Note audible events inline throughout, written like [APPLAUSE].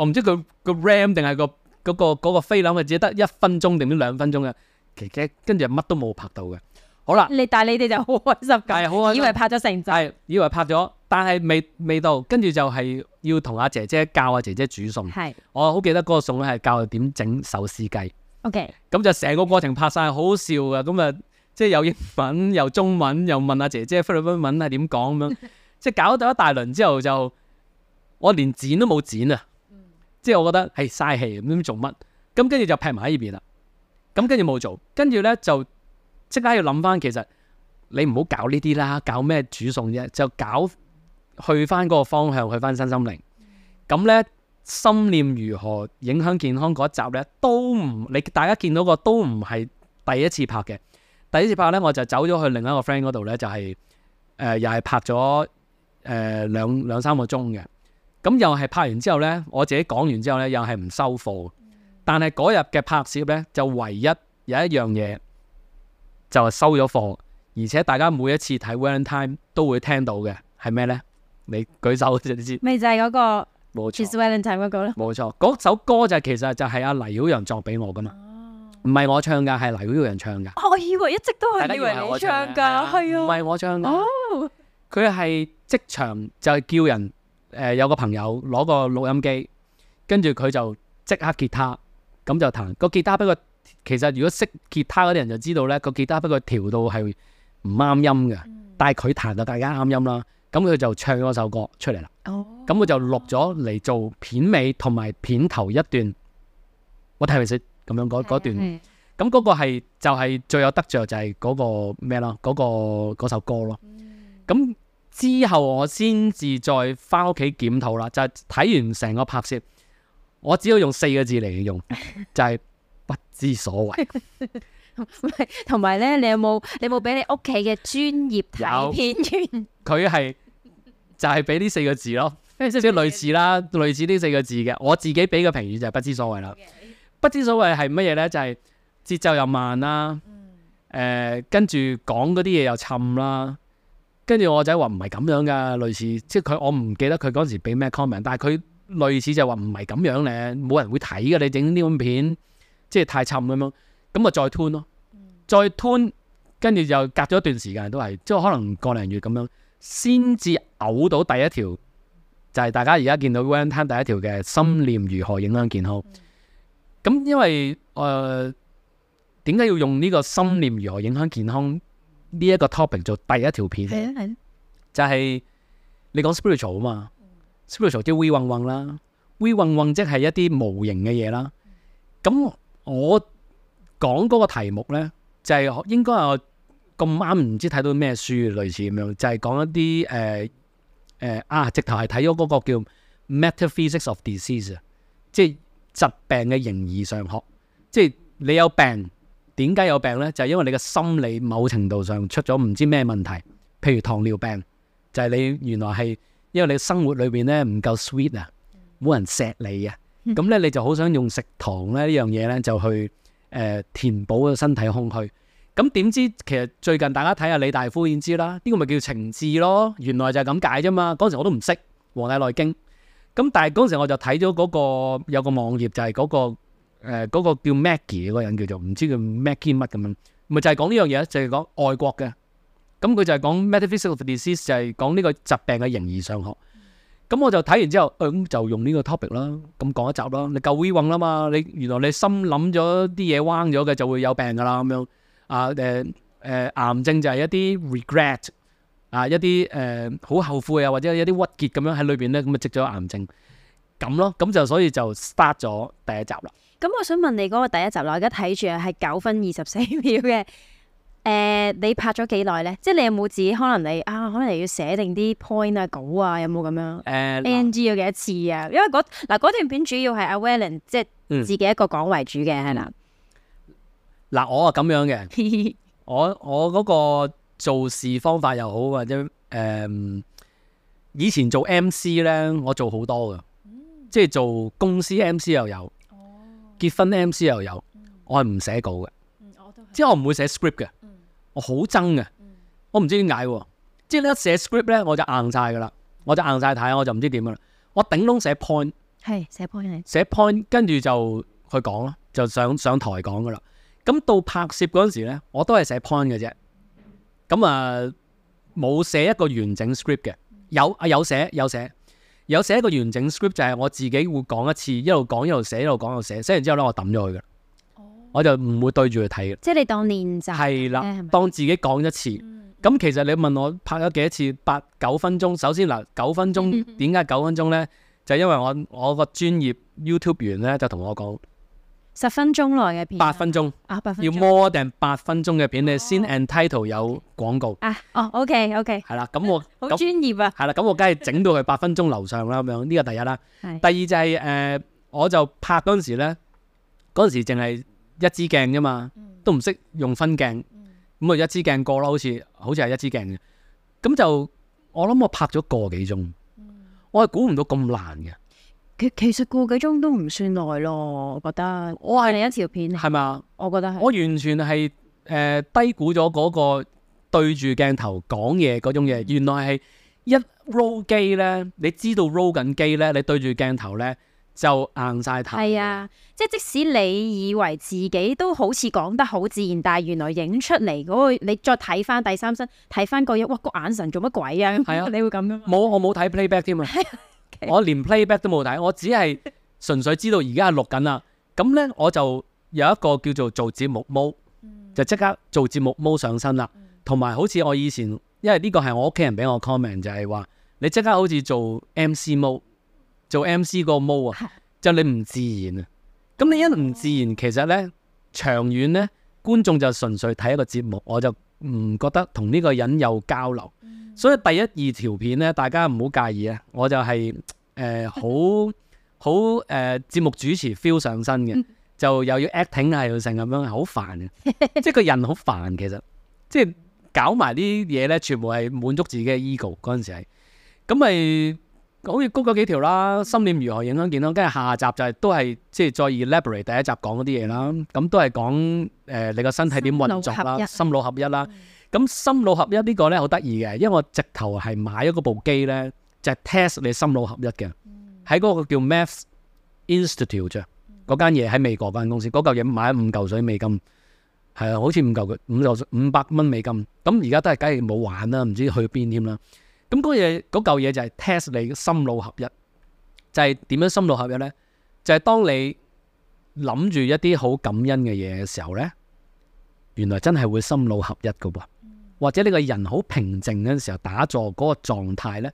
我唔知佢、嗰個 RAM 定係個嗰、嗰個菲林飛只得一分鐘定唔知兩分鐘嘅，奇奇跟住乜都冇拍到嘅。好啦，但你但係你哋就好開心，以為拍咗成集，係以為拍咗，但係未未到，跟住就係要同阿姐姐教阿姐姐煮餸。我好記得嗰個餸係教點整手撕雞。OK，咁就成個過程拍晒，好好笑嘅。咁啊，即係有英文、有中文，又問阿姐姐菲律賓文係點講咁樣，即 [LAUGHS] 係搞到一大輪之後就我連剪都冇剪啊！即係我覺得係嘥氣唔知做乜？咁跟住就劈埋喺依邊啦。咁跟住冇做，跟住咧就即刻要諗翻，其實你唔好搞呢啲啦，搞咩煮餸啫，就搞去翻嗰個方向，去翻身心靈。咁、嗯、咧心念如何影響健康嗰一集咧，都唔你大家見到個都唔係第一次拍嘅。第一次拍咧，我就走咗去了另一個 friend 嗰度咧，就係誒又係拍咗誒、呃、兩兩三個鐘嘅。咁又係拍完之後呢，我自己講完之後呢，又係唔收貨。但係嗰日嘅拍攝呢，就唯一有一樣嘢就係收咗貨，而且大家每一次睇《Valentine》都會聽到嘅係咩呢？你舉手你知。咪就係嗰個，其實《Valentine》嗰個咯。冇錯，嗰首歌就其實就係阿黎曉陽作俾我噶嘛，唔係我唱噶，係黎曉陽唱噶。哦，我以為一直都係，我以為你唱噶，係啊，唔係我唱噶。哦，佢係職場就係叫人。誒、呃，有個朋友攞個錄音機，跟住佢就即刻吉他，咁就彈、嗰個吉他畀佢。不過其實如果識吉他嗰啲人就知道咧，嗰個吉他畀佢調，不過調到係唔啱音嘅。但係佢彈到大家啱音啦。咁佢就唱咗首歌出嚟啦。咁、哦、佢就錄咗嚟做片尾同埋片頭一段。我睇唔識咁樣嗰段。咁嗰個係就係最有得着就係嗰個咩啦？嗰、嗰個嗰首歌咯。咁、嗯。之後我先至再翻屋企檢討啦，就係、是，睇完成個拍攝，我只要用四個字嚟形容，就係、是，不知所謂。同埋咧，你有冇你有冇俾你屋企嘅專業睇片員？佢係就係俾呢四個字咯，即係類似啦， [LAUGHS] 類似呢四個字嘅，我自己俾嘅評語就係不知所謂啦。不知所謂係乜嘢咧？就係、是，節奏又慢啦，誒、呃，跟住講嗰啲嘢又沉啦。跟住我仔話唔係咁樣噶，類似即係佢我唔記得佢嗰時俾咩 comment，但係佢類似就係話唔係咁樣咧，冇人會睇嘅，你整呢種片即係、就是、太沉咁樣，咁咪再 tune 咯、嗯，再 tune，跟住就隔咗一段時間都係，即係可能個零月咁樣，先至嘔到第一條，就係、是、大家而家見到 Wellen Time 第一條嘅心念如何影響健康。咁、嗯、因為誒點解要用呢個心念如何影響健康？嗯呢、這、一個 topic 做第一條片，係啊係，就係、是、你講 spiritual 啊嘛、mm-hmm.，spiritual 即係 we 揾揾啦，we 揾揾即係一啲模型嘅嘢啦。咁、mm-hmm. 我講嗰個題目咧，就係、是、應該係我咁啱，唔知睇到咩書，類似咁樣，就係、是、講一啲誒誒啊，直頭係睇咗嗰個叫《Metaphysics of Disease》，即係疾病嘅形而上學，即、就、係、是、你有病。點解有病呢？就係因為你嘅心理某程度上出咗唔知咩問題，譬如糖尿病就係你原來係因為你生活裏邊咧唔夠 sweet 啊，冇人錫你啊，咁咧你就好想用食糖咧呢樣嘢咧就去誒填補個身體空虛。咁點知其實最近大家睇下李大夫已經知啦，呢個咪叫情志咯。原來就係咁解啫嘛。當時我都唔識《黃帝內經》，咁但係當時我就睇咗嗰個有個網頁就係嗰個。誒、呃、嗰、那個叫 Maggie 嘅個人叫做唔知叫 Maggie 乜咁樣，咪就係講呢樣嘢，就係、是、講外國嘅。咁佢就係講 metaphysical disease，就係講呢個疾病嘅形而上學。咁我就睇完之後，咁、哎、就用呢個 topic 啦，咁講一集啦。你夠暈啦嘛？你原來你心諗咗啲嘢彎咗嘅，就會有病噶啦咁樣。啊誒誒、呃，癌症就係一啲 regret 啊，一啲誒好後悔啊，或者一啲鬱結咁樣喺裏邊咧，咁咪直咗癌症咁咯。咁就所以就 start 咗第一集啦。咁我想問你嗰個第一集啦，而家睇住係九分二十四秒嘅，誒、呃，你拍咗幾耐呢？即係你有冇自己可能你啊，可能你要寫定啲 point 啊稿啊，有冇咁樣？誒，NG 要幾多次啊？呃、因為嗰嗱、呃、段片主要係阿 Wellen 即係自己一個講為主嘅係啦。嗱、嗯呃，我啊咁樣嘅， [LAUGHS] 我我嗰個做事方法又好，或者誒，以前做 MC 呢，我做好多噶、嗯，即係做公司 MC 又有。結婚 M.C. 又有，我係唔寫稿嘅、嗯，即係我唔會寫 script 嘅、嗯，我好憎嘅，我唔知點解、啊，即係你一寫 script 咧我就硬晒噶啦，我就硬晒睇，我就唔知點噶啦，我頂籠寫 point，係寫 point，寫 point，跟住就去講咯，就上上台講噶啦。咁到拍攝嗰陣時咧，我都係寫 point 嘅啫，咁啊冇寫一個完整 script 嘅，有啊有寫有寫。有寫一個完整 script 就係我自己會講一次，一路講一路寫，一路講一路寫，寫完之後咧我抌咗佢嘅，我就唔會對住佢睇嘅。即係你當練習係啦，當自己講一次。咁其實你問我拍咗幾多次？八九分鐘。首先嗱，九分鐘點解九分鐘呢？ [LAUGHS] 就因為我我個專業 YouTube 員呢，就同我講。十分鐘內嘅片，八分鐘啊，八分鐘要摸定八分鐘嘅片，哦、你先 and title 有廣告啊。哦，OK，OK。係、okay, 啦、okay，咁我好 [LAUGHS] 專業啊。係啦，咁我梗係整到佢八分鐘樓上啦咁樣。呢 [LAUGHS] 個第一啦。第二就係、是、誒、呃，我就拍嗰陣時咧，嗰陣時淨係一支鏡啫嘛，都唔識用分鏡。咁、嗯、我一支鏡過啦，好似好似係一支鏡嘅。咁就我諗我拍咗個幾鐘，我係估唔到咁難嘅。其其實個幾鐘都唔算耐咯，我覺得。我係另一條片嚟，係咪啊？我覺得係。我完全係誒低估咗嗰個對住鏡頭講嘢嗰種嘢。原來係一 roll 機咧，你知道 roll 緊機咧，你對住鏡頭咧就硬晒頭。係啊，即係即使你以為自己都好似講得好自然，但係原來影出嚟嗰個，你再睇翻第三身，睇翻嗰日，哇個眼神做乜鬼啊？係啊， [LAUGHS] 你會咁樣啊？冇，我冇睇 playback 添啊。Okay. 我連 playback 都冇睇，我只係純粹知道而家係錄緊啦。咁呢我就有一個叫做做節目 MO，就即刻做節目 MO 上身啦。同埋好似我以前，因為呢個係我屋企人俾我 comment，就係話你即刻好似做 MC MO，做 MC 個 MO 啊，就你唔自然啊。咁你一唔自然，其實呢，長遠呢，觀眾就純粹睇一個節目，我就唔覺得同呢個人有交流。所以第一二條片咧，大家唔好介意啊！我就係誒好好誒節目主持 feel 上身嘅， [LAUGHS] 就又要 acting 啊，又成咁樣，好煩嘅， [LAUGHS] 即係個人好煩其實，即係搞埋啲嘢咧，全部係滿足自己嘅 ego 嗰陣時係，咁咪講完嗰幾條啦，心念如何影響健康，跟住下集就係、係、都係即係再 elaborate 第一集講嗰啲嘢啦，咁都係講、呃、你個身體點運作啦，心腦合一啦。咁心腦合一呢個咧好得意嘅，因為我直頭係買咗嗰部機咧，就係 test 你心腦合一嘅。喺嗰個叫 Maths Institute 啫，嗰間嘢喺美國間公司，嗰嚿嘢買五嚿水美金，係啊，好似五嚿嘅五嚿水五百蚊美金。咁而家都係梗係冇玩啦，唔知去邊添啦。咁嗰嘢嗰嚿嘢就係 test 你心腦合一，就係點樣心腦合一咧？就係當你諗住一啲好感恩嘅嘢嘅時候咧，原來真係會心腦合一㗎喎。或者你個人好平靜嘅時候打坐嗰個狀態咧，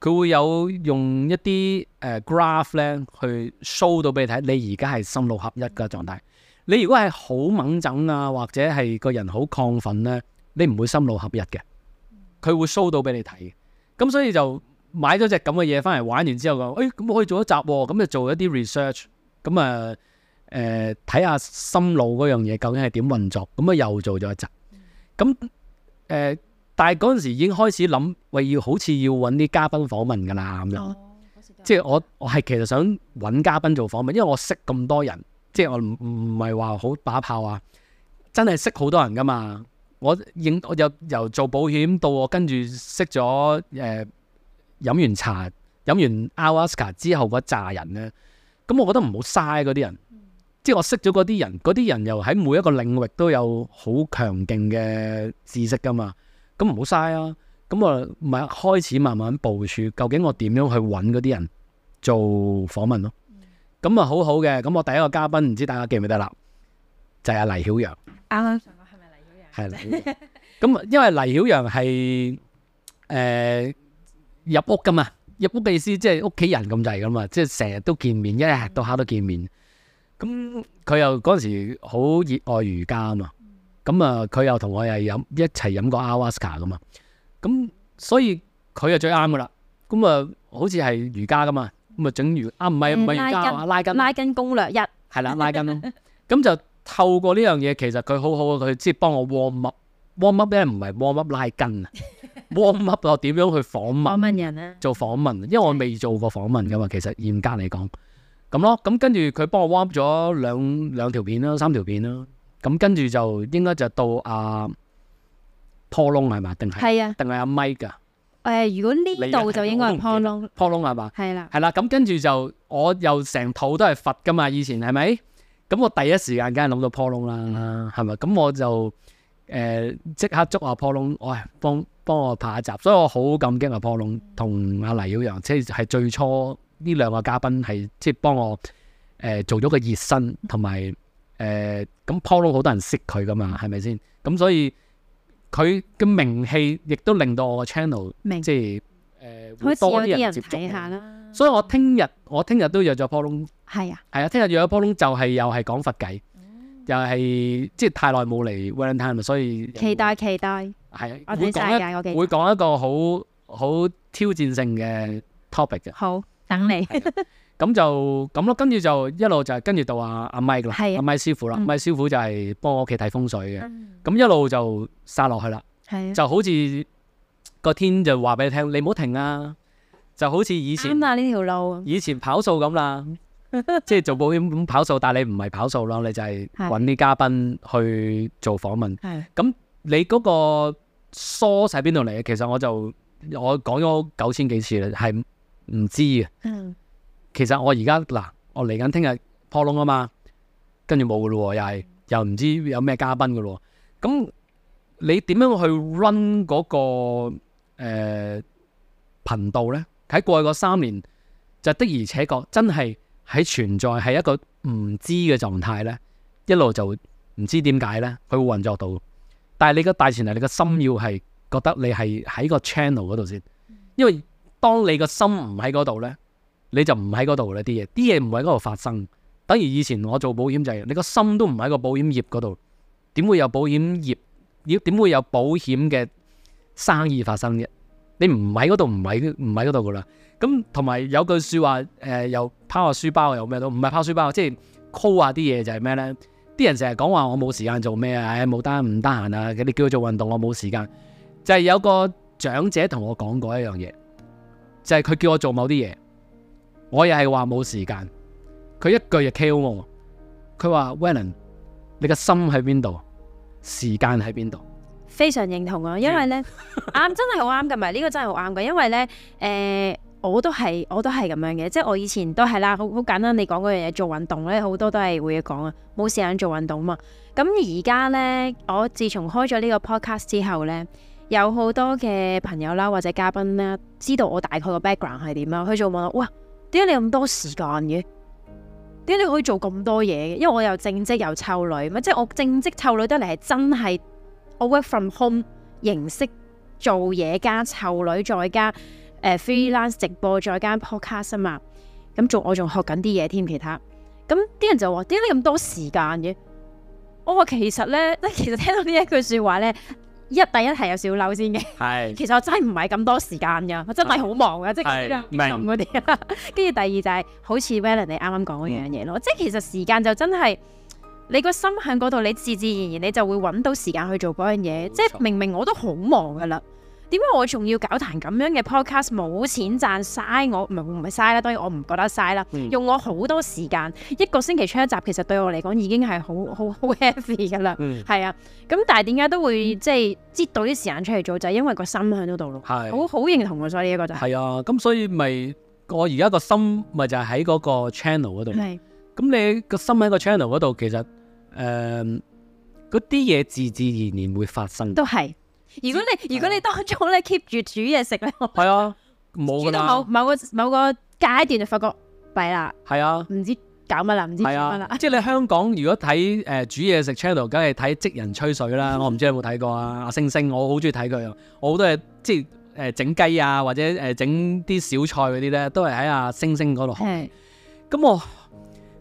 佢會有用一啲誒 graph 咧去 show 到俾你睇。你而家係心腦合一嘅狀態。嗯。你如果係好掹震啊，或者係個人好亢奮呢，你唔會心腦合一嘅。佢會 show 到俾你睇嘅。咁所以就買咗隻咁嘅嘢翻嚟玩完之後講，誒、哎、咁可以做一集喎、哦。咁就做一啲 research。咁啊誒睇下心腦嗰樣嘢究竟係點運作。咁啊又做咗一集。咁。誒，但係嗰陣時已經開始諗，我要好似要揾啲嘉賓訪問㗎啦，咁、哦、樣。即、就、係、是、我我係其實想揾嘉賓做訪問，因為我識咁多人，即、就、係、是、我唔唔係話好把炮啊，真係識好多人㗎嘛。我應我由由做保險到我跟住識咗誒、呃、飲完茶飲完阿瓦斯卡之後嗰扎人咧，咁我覺得唔好嘥嗰啲人。即係我識咗嗰啲人，嗰啲人又喺每一個領域都有好強勁嘅知識噶嘛，咁唔好嘥啊！咁啊，咪係開始慢慢部署，究竟我點樣去揾嗰啲人做訪問咯？咁、嗯、啊，咪好好嘅。咁我第一個嘉賓，唔知大家記唔記得啦，就係、是、阿黎曉陽。啱啱上個係咪黎曉陽？係啦。咁 [LAUGHS] 因為黎曉陽係誒入屋噶嘛，入屋嘅意思即係屋企人咁滯噶嘛，即係成日都見面，一日到黑都見面。嗯咁佢又嗰陣時好熱愛瑜伽嘛，咁啊佢又同我又飲一齊飲過阿瓦斯卡噶嘛，咁所以佢就最啱噶啦。咁啊，好似係瑜伽噶嘛，咁啊整瑜啊唔係唔係瑜伽拉筋拉筋，拉筋攻略一係啦，拉筋咯。咁 [LAUGHS] 就透過呢樣嘢，其實佢好好，佢即係幫我 warm up。 [LAUGHS] warm up 咧唔係 warm up 拉筋啊 [LAUGHS] ，warm up 我點樣去訪問？訪問人啊？做訪問，因為我未做過訪問噶嘛，其實嚴格嚟講。咁咯，咁跟住佢幫我彎咗兩兩條片啦，三條片啦。咁跟住就應該就到阿破窿係嘛？定係係啊，定係阿 Mike 噶。誒、啊啊呃，如果呢度、啊、就應該係破窿。破窿係嘛？係啦，係啦。咁跟住就我又成肚都係佛噶嘛，以前係咪？咁我第一時間梗係諗到破窿啦，係咪？咁我就誒即、呃、刻捉阿破窿，喂、哎，幫幫我拍一集。所以我好感激阿破窿同阿黎耀陽，即係係最初。呢兩個嘉賓係即係幫我誒、呃、做咗個熱身，同埋誒咁 Polo 好多人識佢噶嘛，係咪先？咁、嗯、所以佢嘅名氣亦都令到我個 channel 即係誒多啲人接觸下啦。所以我聽日我聽日都約咗 Polo，係啊，係啊，聽日約咗 Polo 就係又係講佛偈、嗯，又係即係太耐冇嚟 Wellen Time 所以期待期待，係、啊、會講一會講一個好好挑戰性嘅 topic 嘅。好。等你咁 [LAUGHS] 就咁咯，跟住就一路就跟住到阿阿 Mike 啦，阿 Mike 師傅啦 Mike 師傅就係幫我屋企睇風水嘅，咁、嗯、一路就殺落去啦，就好似個天就話俾你聽，你唔好停啊，就好似以前啊呢條路，以前跑數咁啦，即 [LAUGHS] 係做保險咁跑數，但係你唔係跑數咯，你就係揾啲嘉賓去做訪問，咁你嗰個 source 喺邊度嚟？其實我就我講咗九千幾次啦，係。唔知啊，其實我而家嗱，我嚟緊聽日破窿啊嘛，跟住冇噶咯，又係又唔知有咩嘉賓噶咯。咁你點樣去 run 嗰個誒頻道呢？喺過去嗰三年就的而且確真係喺存在，係一個唔知嘅狀態呢，一路就唔知點解呢，佢會運作到。但係你個大前提，你個心要係覺得你係喺個 channel 嗰度先，因為。當你個心唔喺嗰度呢，你就唔喺嗰度呢啲嘢，啲嘢唔喺嗰度發生。等於以前我做保險就係、是，你個心都唔喺個保險業嗰度，點會有保險業要點會有保險嘅生意發生啫？你唔喺嗰度，唔喺唔喺嗰度噶啦。咁同埋有，有句說話，誒、呃、又拋下書包又咩都唔係拋書包，即係 call 下啲嘢就係咩呢？啲人成日講話我冇時間做咩啊？冇、哎、得唔得閒啊？你叫佢做運動，我冇時間。就係、是、有個長者同我講過一樣嘢。就係、是、佢叫我做某啲嘢，我又係話冇時間，佢一句就 kill 我。佢話 Wellen 你個心喺邊度？時間喺邊度？非常認同啊！因為呢，啱、 [LAUGHS] 啊、真係好啱噶唔呢、呢個真係好啱嘅。因為呢，誒、呃，我都係，我都係咁樣嘅。即係我以前都係啦，好好簡單你。你講嗰樣嘢做運動呢，好多都係會講啊，冇時間做運動啊嘛。咁而家呢，我自從開咗呢個 podcast 之後呢。」有好多嘅朋友啦，或者嘉賓咧，知道我大概個 background 係點啊？佢就問我：哇，點解你咁多時間嘅？點解你可以做咁多嘢嘅？因為我又正職又湊女，咪即係我正職湊女得嚟係真係，我 work from home 形式做嘢加湊女再加誒、呃、freelance 直播再加 podcast 啊嘛。咁仲我仲學緊啲嘢添，其他咁啲人就話：點解你咁多時間嘅？我、哦、話其實咧，即係其實聽到這呢一句說話咧。一第一係有少嬲先嘅，是其實我真係唔係咁多時間嘅，我真係好忙嘅，是即係啲咁嗰啲。跟住是、嗯、 [LAUGHS] 第二就係、是、好似 Wellen 啱啱講嗰樣嘢咯，嗯、即係其實時間就真係你個心喺嗰度，你自自然然你就會揾到時間去做嗰樣嘢。錯即係明明我都好忙噶啦。點解我仲要搞談咁樣嘅 podcast 冇錢賺嘥我唔係唔係嘥啦，當然我唔覺得嘥啦、嗯，用我好多時間一個星期出一集，其實對我嚟講已經係好好好 heavy 噶啦，係、嗯、啊，咁但係點解都會、嗯、即係擠到啲時間出嚟做，就係、是、因為個心喺度咯，好好認同我所以呢個就係、是、係啊，咁所以咪我而家個,個心咪就係喺嗰個 channel 嗰度，係咁你個心喺個 channel 嗰度，其實誒嗰啲嘢自自然然會發生，都係。如果你如果你當中咧 keep 住煮嘢食咧，係啊，冇噶啦，到某某個某個階段就發覺弊啦，係啊，唔知搞乜啦，唔、啊、知乜啦，係啊、 [LAUGHS] 即係你香港如果睇誒、呃、煮嘢食 channel，梗係睇職人吹水啦。我唔知你有冇睇過 [LAUGHS] 啊？阿星星我好中意睇佢啊，我好多嘢即係誒整雞啊，或者誒整啲小菜嗰啲咧，都係喺阿星星嗰度。咁、啊嗯、我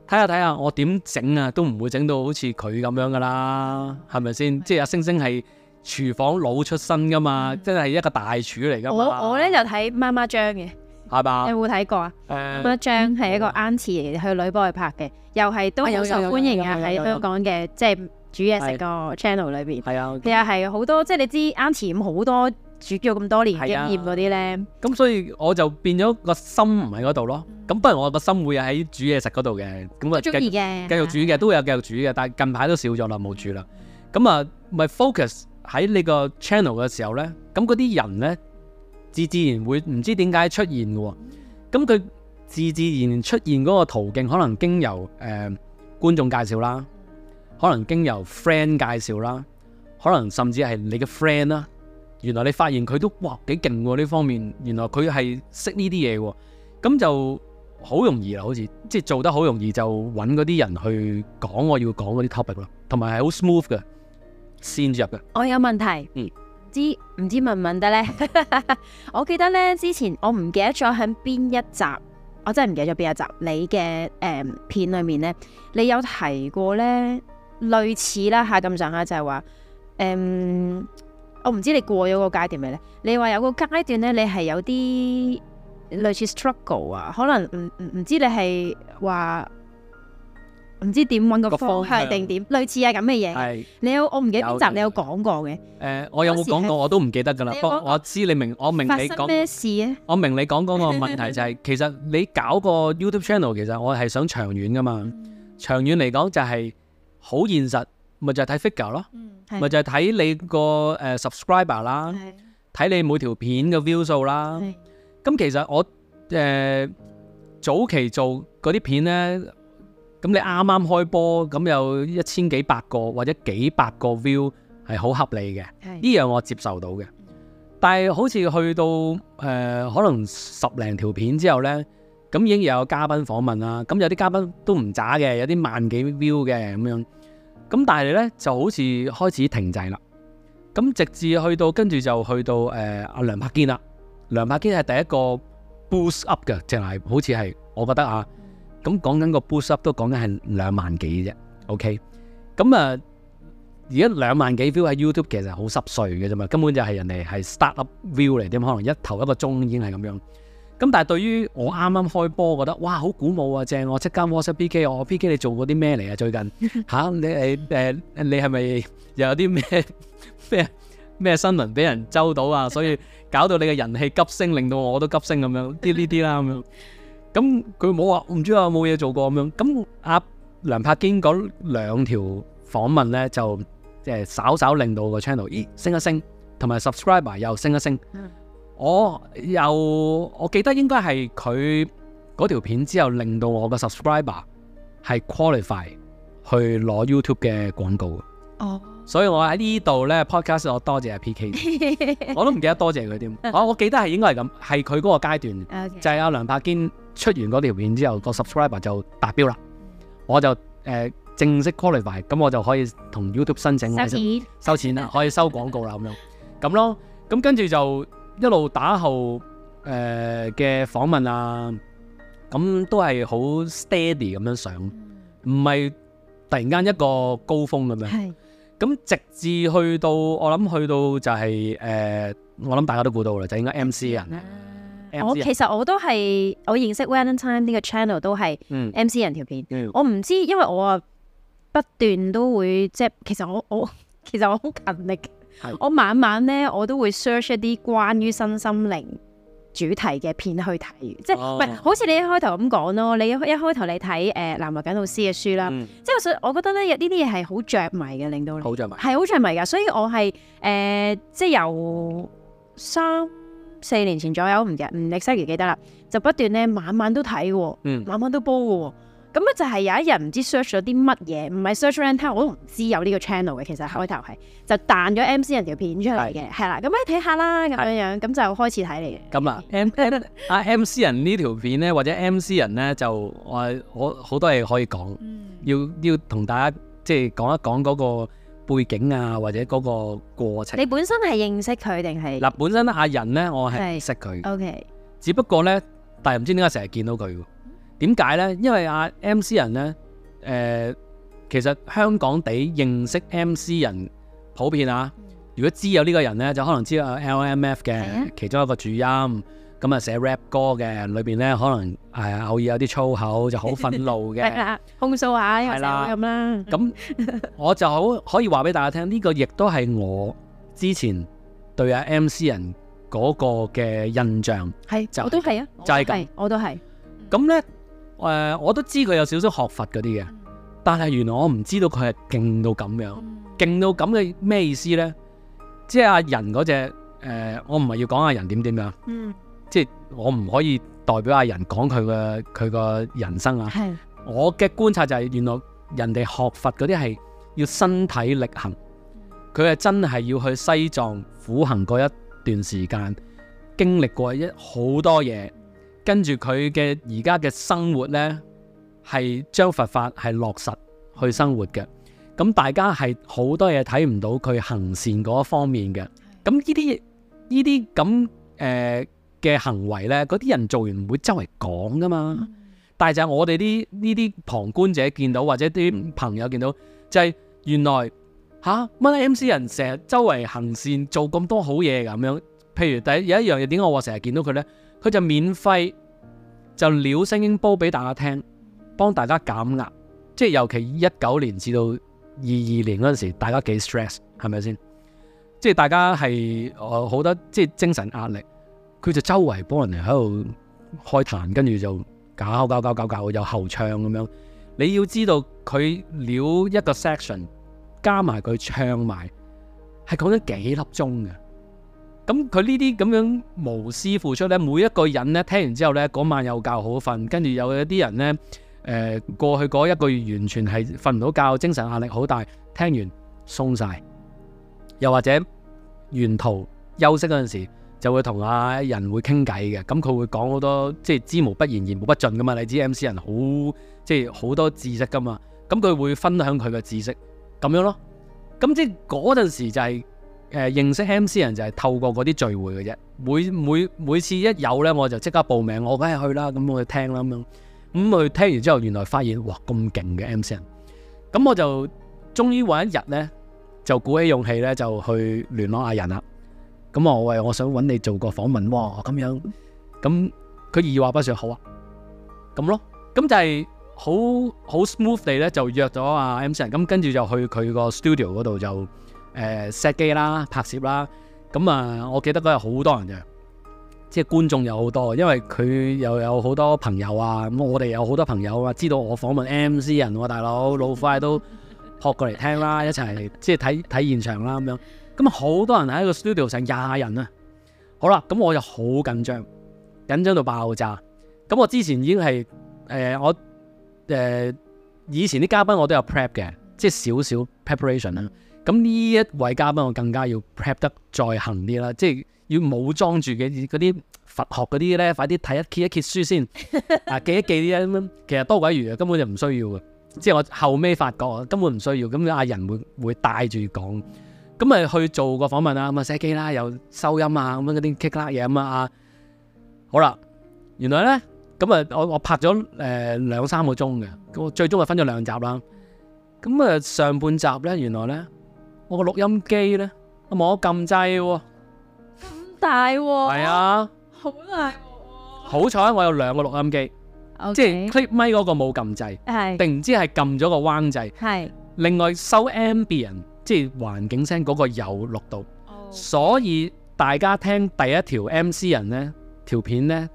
睇下睇下，睇下我點整啊，都唔會整到好似佢咁樣噶啦，係咪先？ [LAUGHS] 即係阿、啊、星星係。廚房佬出身噶嘛，嗯、真係一個大廚嚟噶嘛。我我咧就睇媽媽章嘅，係嘛？你有冇睇過啊？誒、嗯，媽媽章係一個 Angie 去、嗯、女幫佢拍嘅，又係都好受歡迎在是是的道裡面是啊！喺香港嘅即係煮嘢食個 channel 裏邊係啊，係啊，其實係好多即係你知 Angie 好多煮咗咁多年經驗嗰啲咧。咁、啊、所以我就變咗個心唔喺嗰度咯。咁不然我個心會喺煮嘢食嗰度嘅。咁啊，繼續煮嘅都會有繼續煮嘅，但係近排都少咗啦，冇煮啦。咁啊，咪 focus。喺你個 channel 嘅時候呢，咁嗰啲人呢，自自然會唔知點解出現嘅喎。咁佢自自然出現嗰個途徑，可能經由誒、呃、觀眾介紹啦，可能經由 friend 介紹啦，可能甚至係你嘅 friend 啦。原來你發現佢都哇幾勁喎，呢方面，原來佢係識呢啲嘢喎。咁就好容易啦，好似即係做得好容易，就揾嗰啲人去講我要講嗰啲 topic 啦，同埋係好 smooth 嘅。先入嘅，我有問題，嗯，知唔知問唔問得咧？ [LAUGHS] 我記得咧，之前我唔記得咗喺邊一集，我真係唔記得咗邊一集你嘅誒、嗯、片裏面咧，你有提過咧，類似啦嚇咁上下、啊、就係、是、話，誒、嗯，我唔知你過咗個階段未咧？你話有個階段咧，你係有啲類似 struggle 啊，可能唔唔唔知你係話。唔知點揾個方向定點，類似啊咁嘅嘢。係你有我唔記得邊集你有講過嘅。誒，我有冇講過我都唔記得㗎啦。不過我知你明，我明你講咩事啊？我明你講嗰個問題就係，其實你搞個 YouTube channel，其實我係想長遠㗎嘛。長遠嚟講就係好現實，咪就係睇 figure 咯，咪就係睇你個誒 subscriber 啦，睇你每條片嘅 view 數啦。咁其實我誒早期做嗰啲片咧。咁你啱啱開波，咁有一千幾百個或者幾百個 view 係好合理嘅，呢樣我接受到嘅。但係好似去到、呃、可能十零條片之後呢，咁已經有嘉賓訪問啦。咁有啲嘉賓都唔渣嘅，有啲萬幾 view 嘅咁樣。咁但係呢就好似開始停滯啦。咁直至去到跟住就去到誒阿梁柏堅啦。梁柏堅係第一個 boost up 嘅，淨係好似係我覺得啊。咁講緊個 boost up 都講緊係兩萬幾啫，OK？咁啊，而家兩萬幾 view 喺 YouTube 其實好濕碎嘅啫嘛，根本就係人哋係 startup view 嚟，點可能一頭一個鐘已經係咁樣。咁但係對於我啱啱開波覺得哇，好鼓舞啊，正我即間 WhatsApp P K 我 P K 你做過啲咩嚟啊？最近吓你係誒你係咪又有啲咩咩咩新聞俾人周到啊？所以搞到你嘅人氣急升，令到我都急升咁樣啲呢啲啦咁樣。咁佢冇話唔知有冇嘢做過咁樣。咁阿梁柏堅嗰兩條訪問咧，就即係稍稍令到個 channel 咦升一升，同埋 subscriber 又升一升。嗯、我又我記得應該係佢嗰條片之後，令到我個 subscriber 係 qualify 去攞 YouTube 嘅廣告。哦，所以我喺呢度咧 podcast 我多謝阿 PK [LAUGHS] 我都唔記得多謝佢點。我我記得係應該係咁，係佢嗰個階段，okay。就係阿梁柏堅。出完嗰條片之後，個 subscriber 就達標啦，我就誒、呃、正式 qualify，咁我就可以同 YouTube 申請收錢，收錢啦，可以收廣告啦咁 [LAUGHS] 樣，咁咯，咁跟住就一路打後誒嘅、呃、訪問啊，咁都係好 steady 咁樣上，唔、嗯、係突然間一個高峰咁樣，係，咁直至去到我諗去到就係、是、誒、呃，我諗大家都估到啦，就應該 MC 人。嗯我其實我都係我認識 Wellen Time 呢個 channel 都係 M C，人條片，嗯、我唔知道，因為我啊不斷都會即係其實我我其實我好勤力，我晚晚咧我都會 search 一啲關於身心靈主題嘅片去睇、哦，即係好似你一開頭咁講咯，你一開一頭你睇誒、呃、南懷瑾老師嘅書啦、嗯，即係我覺得咧呢啲嘢係好着迷嘅，令到你。著係好着迷噶，所以我係誒、呃、即係由三四年前左右，唔日吳力西記記得啦，就不斷咧晚晚都睇嘅，晚晚都煲嘅，咁、嗯、咧就係有一日唔知 search 咗啲乜嘢，唔係 search rental，我都唔知有呢個 channel 嘅。其實開頭係就彈咗 MC 人條片出嚟嘅，係啦，咁咧睇下啦，咁樣樣咁就開始睇嚟嘅。咁啊 [LAUGHS] ，MC 人呢條片咧，或者 MC 人咧，就我好好多嘢可以講、嗯，要要同大家即係講一講嗰、那個。背景啊，或者嗰個過程。你本身係認識佢定係？嗱、啊，本身阿仁呢，我係識佢。O K。Okay. 只不過呢，但係唔知點解成日見到佢，點解呢？因為阿 M C 仁呢，誒、呃，其實香港地認識 M C 仁普遍啊。如果知有呢個人呢，就可能知道有 L M F 嘅其中一個主音。咁啊，寫 rap 歌嘅裏面咧，可能係、哎、偶爾有啲粗口，就好憤怒嘅， [LAUGHS] 控訴下，因為咁啦。咁 [LAUGHS] 我就好可以話俾大家聽，呢、呢個亦都係我之前對阿 M C 人嗰個嘅印象，係、就係、我都係啊，就係、係、咁，我都係。咁咧、呃，我都知佢有少少學佛嗰啲嘅，但係原來我唔知道佢係勁到咁樣、嗯，勁到咁嘅咩意思咧？即係阿人嗰隻誒，我唔係要講阿人點點樣，樣，嗯。我唔可以代表阿人講佢嘅佢嘅人生啊。係我嘅觀察就係原來人哋學佛嗰啲係要身體力行，佢係真係要去西藏苦行過一段時間，經歷過一好多嘢，跟住佢嘅而家嘅生活呢，係將佛法係落實去生活嘅。咁大家係好多嘢睇唔到佢行善嗰方面嘅。咁呢啲呢啲咁誒。嘅行為呢，嗰啲人做完唔會周圍講㗎嘛。但係就係我哋啲呢啲旁觀者見到，或者啲朋友見到，就係、是、原來嚇乜、啊？M.C. 人成日周圍行善，做咁多好嘢咁樣。譬如第一，有一樣嘢，點解我話成日見到佢呢？佢就免費就撩聲音煲俾大家聽，幫大家減壓。即係尤其一九年至到二二年嗰陣時，大家幾 stress 係咪先？即係大家係好、呃、多即係精神壓力。佢就周圍幫人哋喺度開壇，跟住就搞搞搞搞搞，又後唱咁樣。你要知道佢撩一個 section，加埋佢唱埋，係講咗幾粒鐘嘅。咁佢呢啲咁樣無私付出呢，每一個人呢，聽完之後呢，嗰晚又覺好瞓，跟住有一啲人呢，誒、呃、過去嗰一個月完全係瞓唔到覺，精神壓力好大，聽完鬆晒，又或者沿途休息嗰陣時。就會同阿人會傾偈嘅，咁佢會講好多，即係知無不言言無不盡㗎嘛。你知 MC 人好即係好多知識㗎嘛，咁佢會分享佢嘅知識咁樣咯。咁即係嗰陣時就係、是、誒、呃、認識 MC 人就係透過嗰啲聚會嘅啫。每每每次一有咧，我就即刻報名，我梗係、哎、去啦，咁我去聽啦咁樣。咁佢聽完之後，原來發現哇咁勁嘅 MC 人，咁我就終於搵一日咧，就鼓起勇氣咧就去聯絡阿人啦。咁我喂，我想揾你做個訪問喎，咁樣，咁佢二話不說，好啊，咁咯，咁就係好好 smooth 地咧，就約咗阿 MC 人，咁跟住就去佢個 studio 嗰度就誒 set 機啦、拍攝啦，咁啊，我記得嗰日好多人嘅，即係觀眾有好多，因為佢又有好多朋友啊，咁我哋有好多朋友啊，知道我訪問 MC 人喎，啊，大佬老闆都撲過嚟聽啦，一齊即係睇睇現場啦咁樣。咁好多人喺個 studio 成廿人啊，好啦，咁我就好緊張，緊張到爆炸。咁我之前已經係誒、呃、我誒、呃、以前啲嘉賓我都有 prep 嘅，即係少少 preparation 啦。咁呢一位嘉賓我更加要 prep 得再行啲啦，即係要武裝住嘅啲佛學嗰啲咧，快啲睇一揭一揭書先啊，記一記啲啊。其實多鬼餘啊，根本就唔需要嘅，即係我後尾發覺根本唔需要。咁阿仁會會帶住講。咁咪去做個訪問啊，咪寫機啦，又收音啊，咁樣嗰啲棘甩嘢咁啊，好啦，原來呢，咁啊，我我拍咗誒兩三個鐘嘅，我最終係分咗兩集啦。咁啊，上半集呢，原來呢，我個錄音機呢，我冇撳掣喎，咁大喎、哦，係啊，好大喎、哦，好彩我有兩個錄音機，即係 Clip Mic 嗰個冇撳掣，係定唔知係撳咗個彎掣，係另外收 Ambient。即係環境聲嗰個有錄到，oh. 所以大家聽第一條 M C 人呢條片呢，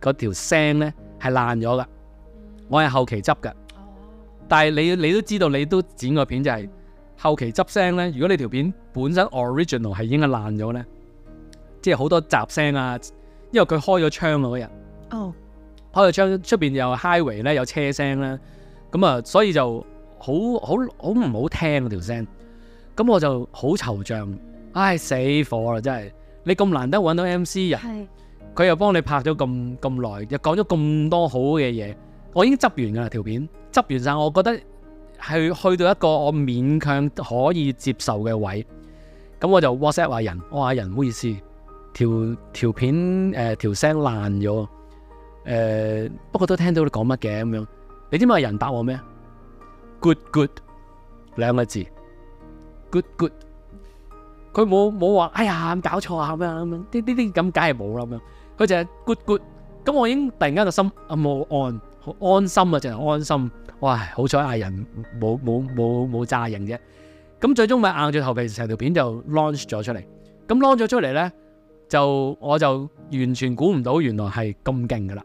嗰條聲咧係爛咗噶。我係後期執噶，oh. 但係你你都知道，你都剪過片就係、是 oh. 後期執聲呢。如果你條片本身 original 係已經爛咗呢，即係好多雜聲啊，因為佢開咗窗嗰日，oh. 開咗窗出邊又 highway 咧，有車聲啦，咁啊，所以就好好好唔好聽嗰、啊、條聲。咁我就好惆悵，唉、哎、死火啦！真係你咁難得揾到 M.C. 人，佢又幫你拍咗咁咁耐，又講咗咁多好嘅嘢，我已經執完噶啦條片，執完晒，我覺得係去到一個我勉強可以接受嘅位。咁我就 WhatsApp 話人，我、哦、話、啊、人唔好意思，條條片誒條聲爛咗，誒、呃呃、不過都聽到你講乜嘅咁樣。你知唔知人答我咩？Good good，兩個字。good good，佢冇冇話，哎呀搞錯啊咩咁樣，呢呢啲咁梗係冇啦咁樣，佢淨係 good good，咁我已經突然間就心啊好安心啊，淨係安心，哇，好彩藝人冇冇冇冇詐型啫，咁最終咪硬住頭皮成條片就 launch 咗出嚟，咁 launch 咗出嚟咧就我就完全估唔到原來係咁勁噶啦，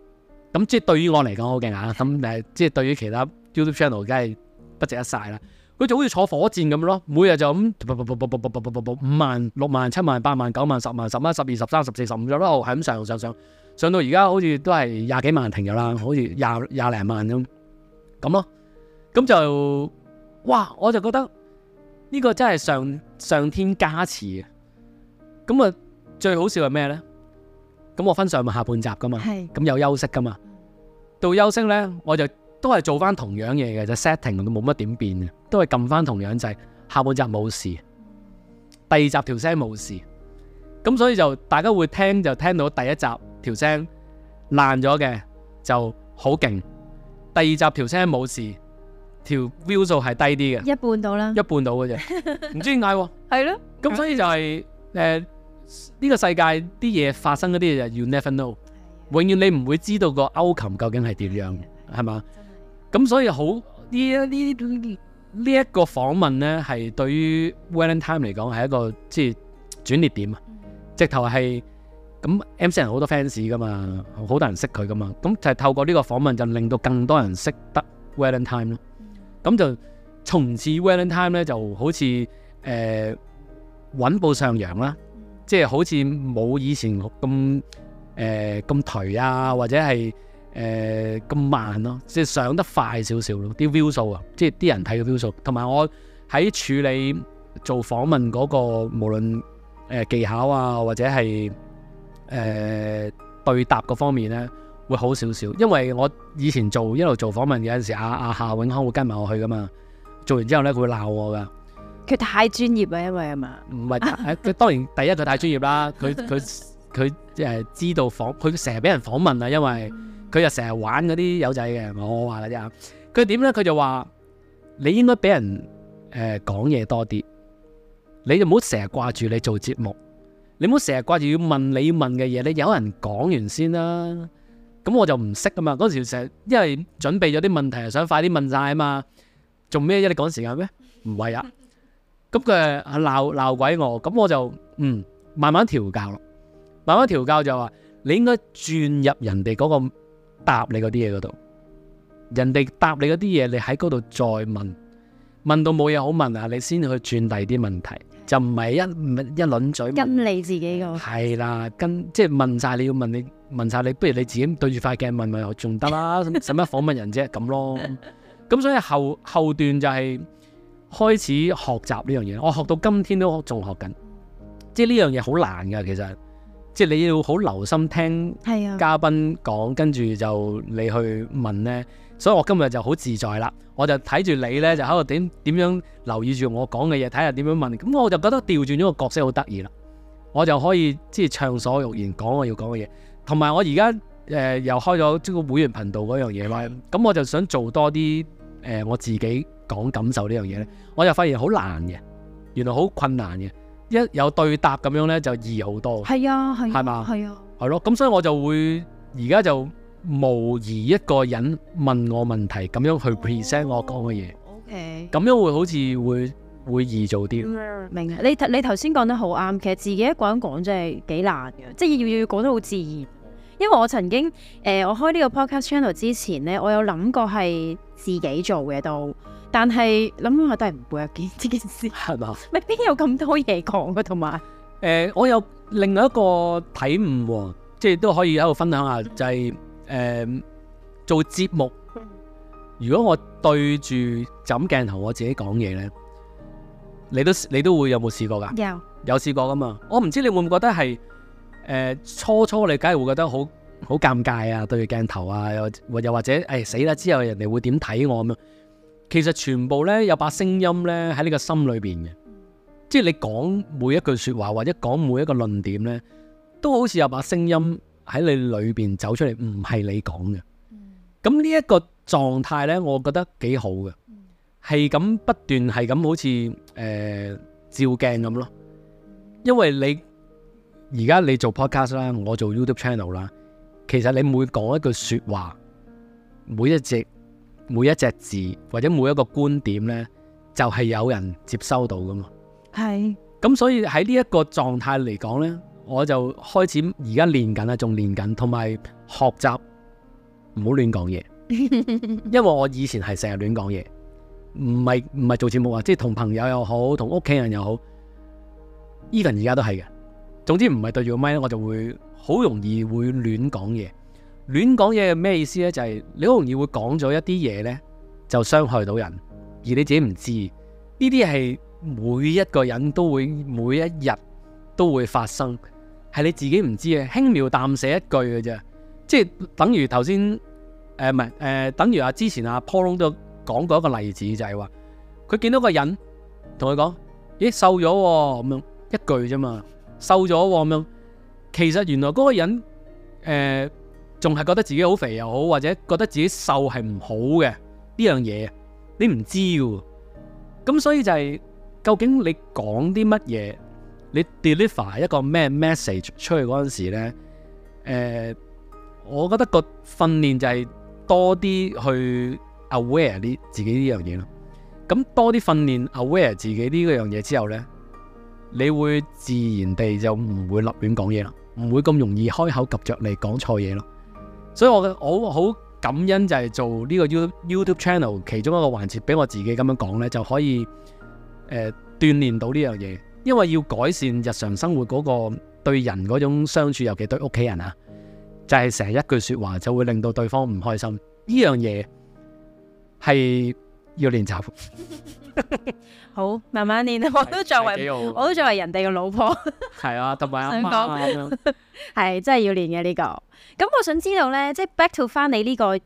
咁即係對於我嚟講好勁啊，咁即係對於其他 YouTube channel 梗係不值一晒啦。佢就好似坐火箭咁咯，每日就咁，五萬、六萬、七萬、八萬、九萬、十萬、十一、十二、十三、十四、十五就一路係咁上上上上到而家好似都係廿幾萬停咗啦，好似廿廿零萬咁咁咯。咁就哇，我就覺得呢個真係上上天加持嘅。咁啊，最好笑係咩咧？咁我分上下半集噶嘛，咁有休息噶嘛，到休息咧我就。都係做翻同樣嘢嘅就是、setting 都冇乜點變嘅，都係撳翻同樣掣。下半集冇事，第二集條聲冇事，咁所以就大家會聽就聽到第一集條聲爛咗嘅就好勁，第二集條聲冇事，條 view 數係低啲嘅，一半到啦，一半到嘅啫，唔 [LAUGHS] 知點解喎，係咯，咁所以就係、是、呢、 [LAUGHS] 呃呢個世界啲嘢發生嗰啲嘢，就 you never know，永遠你唔會知道個 outcome 究竟係點樣，係、mm-hmm. 嘛？咁所以好呢一呢呢一個訪問咧，係對於 Wellen Time 嚟講係一個即係轉捩點啊！直頭係咁，MC 人好多 fans 噶嘛，好多人識佢噶嘛，咁就係透過呢個訪問就令到更多人識得 Wellen Time 咯。咁就從此 Wellen Time 咧就好似誒穩步上揚啦，即係好似冇以前咁誒咁頹啊，或者係。誒、呃、咁慢咯、啊，即係上得快少少咯，啲 view 數啊，即係啲人睇嘅 view 數。同埋我喺處理做訪問嗰、嗰個，無論技巧啊，或者係誒、呃、對答嗰方面咧，會好少少。因為我以前做一路做訪問有陣時，阿、啊、阿、啊、夏永康會跟埋我去噶嘛。做完之後咧，佢會鬧我㗎。佢太專業啊，因為係嘛。唔係，當然第一佢太專業啦。佢佢佢誒知道訪，佢成日俾人訪問啊，因為。佢又成日玩嗰啲友仔嘅，我話啦啫。佢點咧？佢就話你應該俾人誒講嘢多啲，你就唔好成日掛住你做節目，你唔好成日掛住要問你要問嘅嘢，你有人講完先啦。咁我就唔識啊嘛。嗰時成日因為準備咗啲問題，想快啲問晒啊嘛。做咩？一係講時間咩？唔係啊。咁佢鬧鬧鬼我，咁我就嗯慢慢調教咯。慢慢調教就話你應該轉入人哋嗰個。答你嗰啲嘢嗰度，人哋答你嗰啲嘢，你喺嗰度再問，問到冇嘢好問啊，你先去轉第二啲問題，就唔係一一輪嘴。跟你自己個係啦，跟即係問晒你要問你問晒你，不如你自己對住塊鏡問咪仲得啦，使乜訪問人啫咁咯。咁所以後後段就係開始學習呢樣嘢，我學到今天都仲學緊，即係呢樣嘢好難噶其實。即係你要好留心聽嘉賓講，跟住就你去問呢。所以我今日就好自在啦，我就睇住你呢，就喺度點點樣留意住我講嘅嘢，睇下點樣問。咁我就覺得調轉咗個角色好得意啦，我就可以即係暢所欲言講我要講嘅嘢。同埋我而家誒又開咗即個會員頻道嗰樣嘢啦，咁我就想做多啲誒、呃、我自己講感受呢樣嘢呢，我就發現好難嘅，原來好困難嘅。一有對答咁樣咧，就易好多。係啊，係嘛？係啊，係咯。咁、啊、所以我就會而家就模擬一個人問我問題，咁樣去 present 我講嘅嘢。OK。咁樣會好似會會易做啲。明白。你你頭先講得好啱，其實自己一個人講真係幾難嘅，即係，要要要講得好自然。因為我曾經、呃、我開呢個 podcast channel 之前咧，我有諗過係自己做嘅到。都但係諗諗下都係唔會啊見呢件事，係嘛？咪邊有咁多嘢講嘅，同埋，誒、呃，我有另外一個體悟，即係都可以喺度分享下，就係、是，誒、呃，做節目，如果我對住枕鏡頭，我自己講嘢咧，你都你都，你都會有冇試過噶？有，有試過噶嘛？我唔知你會唔會覺得係，誒、呃，初初你梗係會覺得好好尷尬啊，對住鏡頭啊，又或又或者，誒、哎，死啦！之後人哋會點睇我咁樣？其實全部咧有把聲音咧喺你個心裏邊嘅，即係你講每一句說話或者講每一個論點咧，都好似有把聲音喺你裏邊走出嚟，唔係你講嘅。咁呢一個狀態咧，我覺得幾好嘅，係咁不斷係咁好似誒、呃、照鏡咁咯。因為你而家你做 Podcast 啦，我做 YouTube channel 啦，其實你每講一句說話，每一隻。每一隻字或者每一個觀點呢，就係、是、有人接收到噶嘛。係咁，所以喺呢一個狀態嚟講呢，我就開始而家練緊啊，仲練緊，同埋學習唔好亂講嘢。 [LAUGHS] 因為我以前係成日亂講嘢，唔係唔係做節目啊、就是，即係同朋友又好，同屋企人又好。Evan 而家都係嘅，總之唔係對住個咪，我就會好容易會亂講嘢。亂講嘢係咩意思咧？就係、是、你好容易會講咗一啲嘢咧，就傷害到人，而你自己唔知。呢啲係每一個人都會每一日都會發生，係你自己唔知嘅輕描淡寫一句嘅啫，即係等於頭先誒，唔係誒，等於啊、呃呃、之前阿 Apollo 都講過一個例子，就係話佢見到個人同佢講：咦、欸，瘦咗咁樣一句啫嘛，瘦咗咁樣。其實原來嗰個人誒。呃仲係覺得自己好肥又好，或者覺得自己瘦係唔好嘅呢樣嘢，你唔知㗎。咁所以就係、是、究竟你講啲乜嘢，你 deliver 一個咩 message 出去嗰陣時呢、呃，我覺得個訓練就係多啲去 aware 啲自己呢樣嘢咯。咁多啲訓練 aware 自己呢樣嘢之後呢，你會自然地就唔會立亂講嘢啦，唔會咁容易開口及着嚟講錯嘢咯。所以我好好感恩就係做呢個 YouTube channel 其中一個環節，俾我自己咁樣講呢，就可以誒、呃、鍛煉到呢樣嘢，因為要改善日常生活嗰、那個對人嗰種相處，尤其對屋企人啊，就係、是、成一句說話就會令到對方唔開心，呢樣嘢係。要練習， [LAUGHS] [LAUGHS] 好慢慢練我都作為，我都作為人哋嘅老婆。係啊，同埋阿媽咁樣，係 [LAUGHS] 真係要練嘅呢個。咁我想知道呢，即係 back to 翻你呢、這個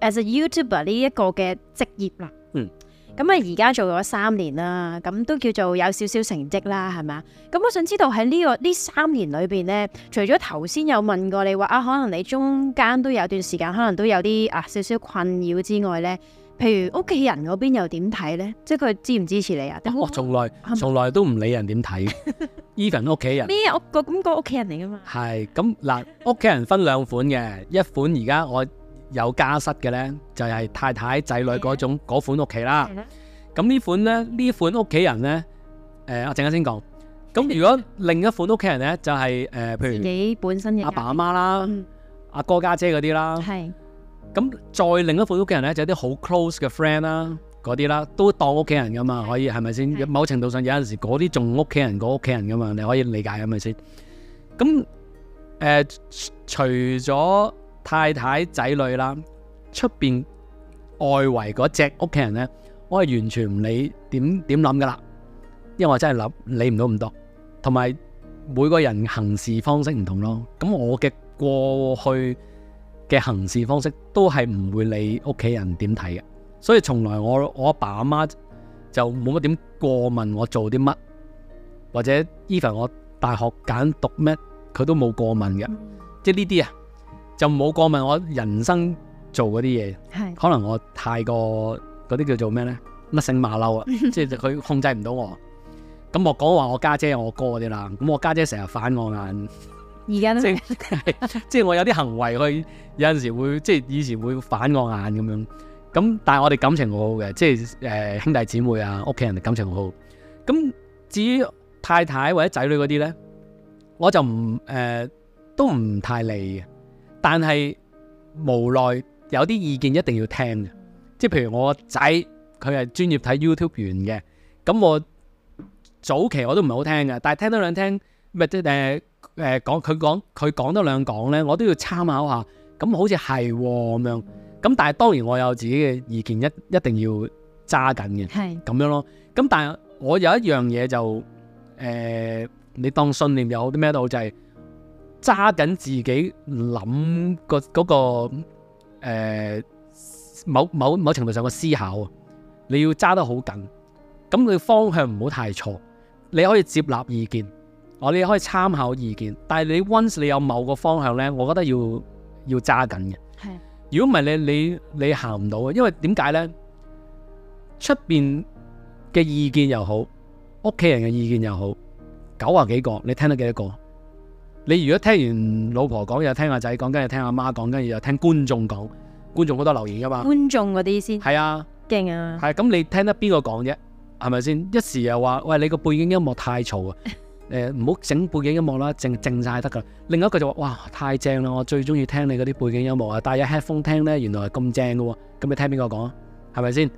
as a YouTuber 呢一個嘅職業啦。嗯，咁啊而家做咗三年啦，咁都叫做有少少成績啦，係咪？咁我想知道喺呢、這個呢三年裏邊呢，除咗頭先有問過你話啊，可能你中間都有一段時間，可能都有啲啊少少困擾之外呢。譬如屋企人嗰邊又點睇咧？即係佢支唔支持你啊？我、哦、從來從來都唔理人點睇，even 屋企人咩？我、嗰個咁個屋企人嚟噶嘛？係咁嗱，屋企人分兩款嘅，一款而家我有家室嘅咧，就係、是、太太仔女嗰種嗰款屋企啦。咁呢這款咧，呢款屋企人咧，誒，我陣間先講。咁如果另一款屋企人咧，就係、是、誒、呃，譬如自己本身嘅阿爸阿媽啦，阿、嗯、哥家姐嗰啲啦。咁再另一副屋企人呢，就一啲好 close 嘅 friend 啦、啊，嗰啲啦，都當屋企人噶嘛，可以係咪先？某程度上有陣時嗰啲仲屋企人過屋企人噶嘛，你可以理解係咪先？咁誒、呃，除咗太太仔女啦，出邊外圍嗰隻屋企人呢，我係完全唔理點點諗噶啦，因為我真係諗理唔到咁多，同埋每個人行事方式唔同咯。咁我嘅過去。嘅行事方式都係唔會理屋企人點睇嘅，所以從來我我阿爸阿媽就冇乜點過問我做啲乜，或者 even 我大學揀讀咩，佢都冇過問嘅、嗯，即係呢啲啊就冇過問我人生做嗰啲嘢，可能我太過嗰啲叫做咩咧乜性馬騮啊，蜂蜂 [LAUGHS] 即係佢控制唔到我，咁、嗯、我講話我家姐，姐我哥啲啦，咁我家姐成日反我眼。而家 [LAUGHS] 即係我有啲行為去，有陣時會即係以前會反我眼咁樣。咁但係我哋感情好好嘅，即係誒、呃、兄弟姊妹啊，屋企人感情好好。咁至於太太或者仔女嗰啲呢，我就唔誒、呃、都唔太理嘅。但係無奈有啲意見一定要聽嘅，即係譬如我個仔佢係專業睇 YouTube 完嘅，咁我早期我都唔係好聽嘅，但係聽多兩聽。咪即佢講佢講多兩講咧，我都要參考下。咁好似係咁樣。咁但係當然我有自己嘅意見，一一定要揸緊嘅。係咁樣咯。咁但係我有一樣嘢就、呃、你當信念有啲咩都好，就係揸緊自己諗、個嗰個某某某程度上嘅思考。你要揸得好緊。咁佢方向唔好太錯。你可以接納意見。我你可以參考意見，但係你 once 你有某個方向呢，我覺得要要揸緊嘅。係，如果唔係你你你行唔到嘅，因為點解呢？出邊嘅意見又好，屋企人嘅意見又好，九十幾個你聽得幾多個？你如果聽完老婆講，又聽阿仔講，跟住聽阿媽講，跟住又聽觀眾講，觀眾好多留言噶嘛？觀眾嗰啲先，係啊，勁啊！係咁、啊，你聽得邊個講啫？係咪先？一時又話喂，你個背景音樂太嘈啊！ [LAUGHS] 誒，唔好整背景音樂啦，靜靜晒得噶。另一個就話，哇，太正啦！我最中意聽你嗰啲背景音樂啊。但係有 headphone 聽咧，原來咁正噶。咁你聽邊個講？係咪先？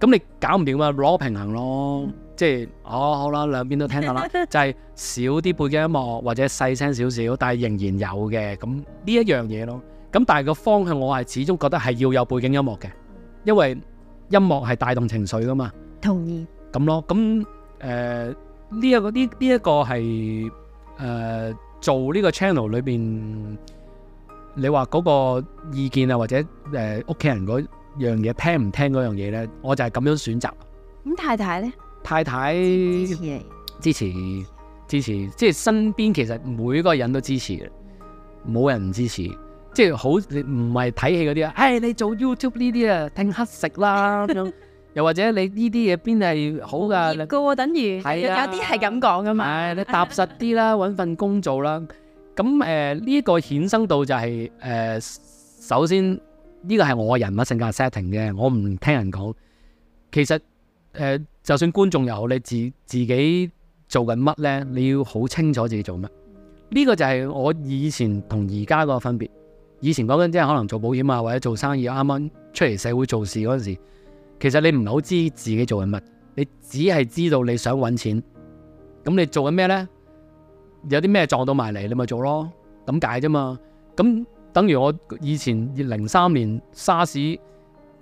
咁你搞唔掂咪攞平衡咯。嗯、即係，哦好啦，兩邊都聽到啦。 [LAUGHS] 就係少啲背景音樂或者細聲少少，但係仍然有嘅。咁呢一樣嘢咯。咁但係個方向，我係始終覺得係要有背景音樂嘅，因為音樂係帶動情緒噶嘛。同意。咁咯，咁誒。呃呢、這、一個呢呢一個係誒、呃、做呢個 channel 裏邊，你話嗰個意見啊，或者誒屋企人嗰樣嘢聽唔聽嗰樣嘢咧，我就係咁樣選擇。咁太太咧？太太支持，支持，支持支持，即係身邊其實每個人都支持，冇人唔支持。即係好唔係睇戲嗰啲啊！誒、 [LAUGHS] 哎，你做 YouTube 呢啲啊，聽黑食啦咁樣。 [LAUGHS] 又或者你呢啲嘢邊係好噶？熱嘅喎，等於有啲係咁講嘅嘛。誒、啊，你踏實啲啦，揾 [LAUGHS] 份工做啦。咁誒呢一個衍生度就係、係、誒、呃，首先呢個係我人物性格 setting 嘅，我唔聽人講。其實誒、呃，就算觀眾又好，你自己自己做緊乜咧，你要好清楚自己做乜。呢、呢個就係我以前同而家個分別。以前講緊即係可能做保險啊，或者做生意，啱啱出嚟社會做事嗰陣時。其實你唔係好知自己做緊乜，你只係知道你想搵錢，咁你做緊咩呢？有啲咩撞到埋嚟，你咪做咯，咁解啫嘛。咁等於我以前零三年沙士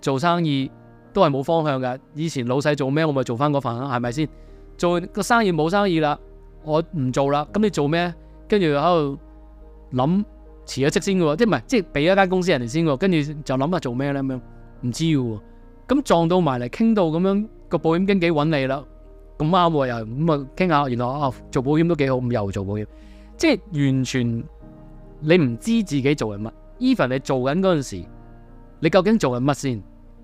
做生意都係冇方向嘅。以前老細做咩，我咪做翻嗰份啦，係咪先？做個生意冇生意啦，我唔做啦。咁你做咩？跟住喺度諗辭咗職先喎，即係唔係即係俾一間公司人哋先嘅，跟住就諗下做咩呢？咁樣，唔知喎。咁撞到埋嚟，傾到咁樣，個保險經紀揾你啦，咁啱喎，又咁啊傾下，原來啊做保險都幾好，咁又做保險，即係完全你唔知自己做緊乜。even 你做緊嗰陣時，你究竟做緊乜先？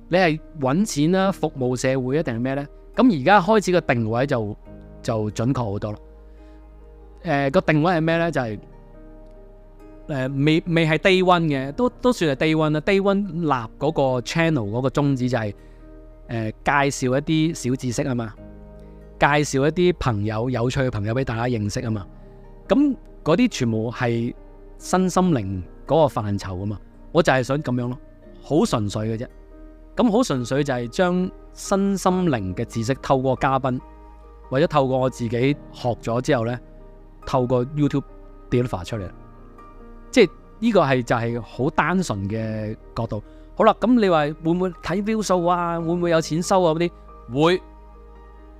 你係揾錢啦，服務社會一定係咩呢？咁而家開始個定位就就準確好多啦。誒、呃、個定位係咩呢？就係、是。誒、呃、未未係 day one 嘅，都都算係 day one 啦。day one 立嗰個 channel 嗰個宗旨就係、是、誒、呃、介紹一啲小知識啊嘛，介紹一啲朋友有趣嘅朋友俾大家認識啊嘛。咁嗰啲全部係身心靈嗰個範疇啊嘛，我就係想咁樣咯，好純粹嘅啫。咁好純粹就係將身心靈嘅知識透過嘉賓，或者透過我自己學咗之後呢，透過 YouTube deliver 出嚟。即係呢個係就係好單純嘅角度。好啦，咁你話會唔會睇 view 數啊？會唔會有錢收啊？嗰啲會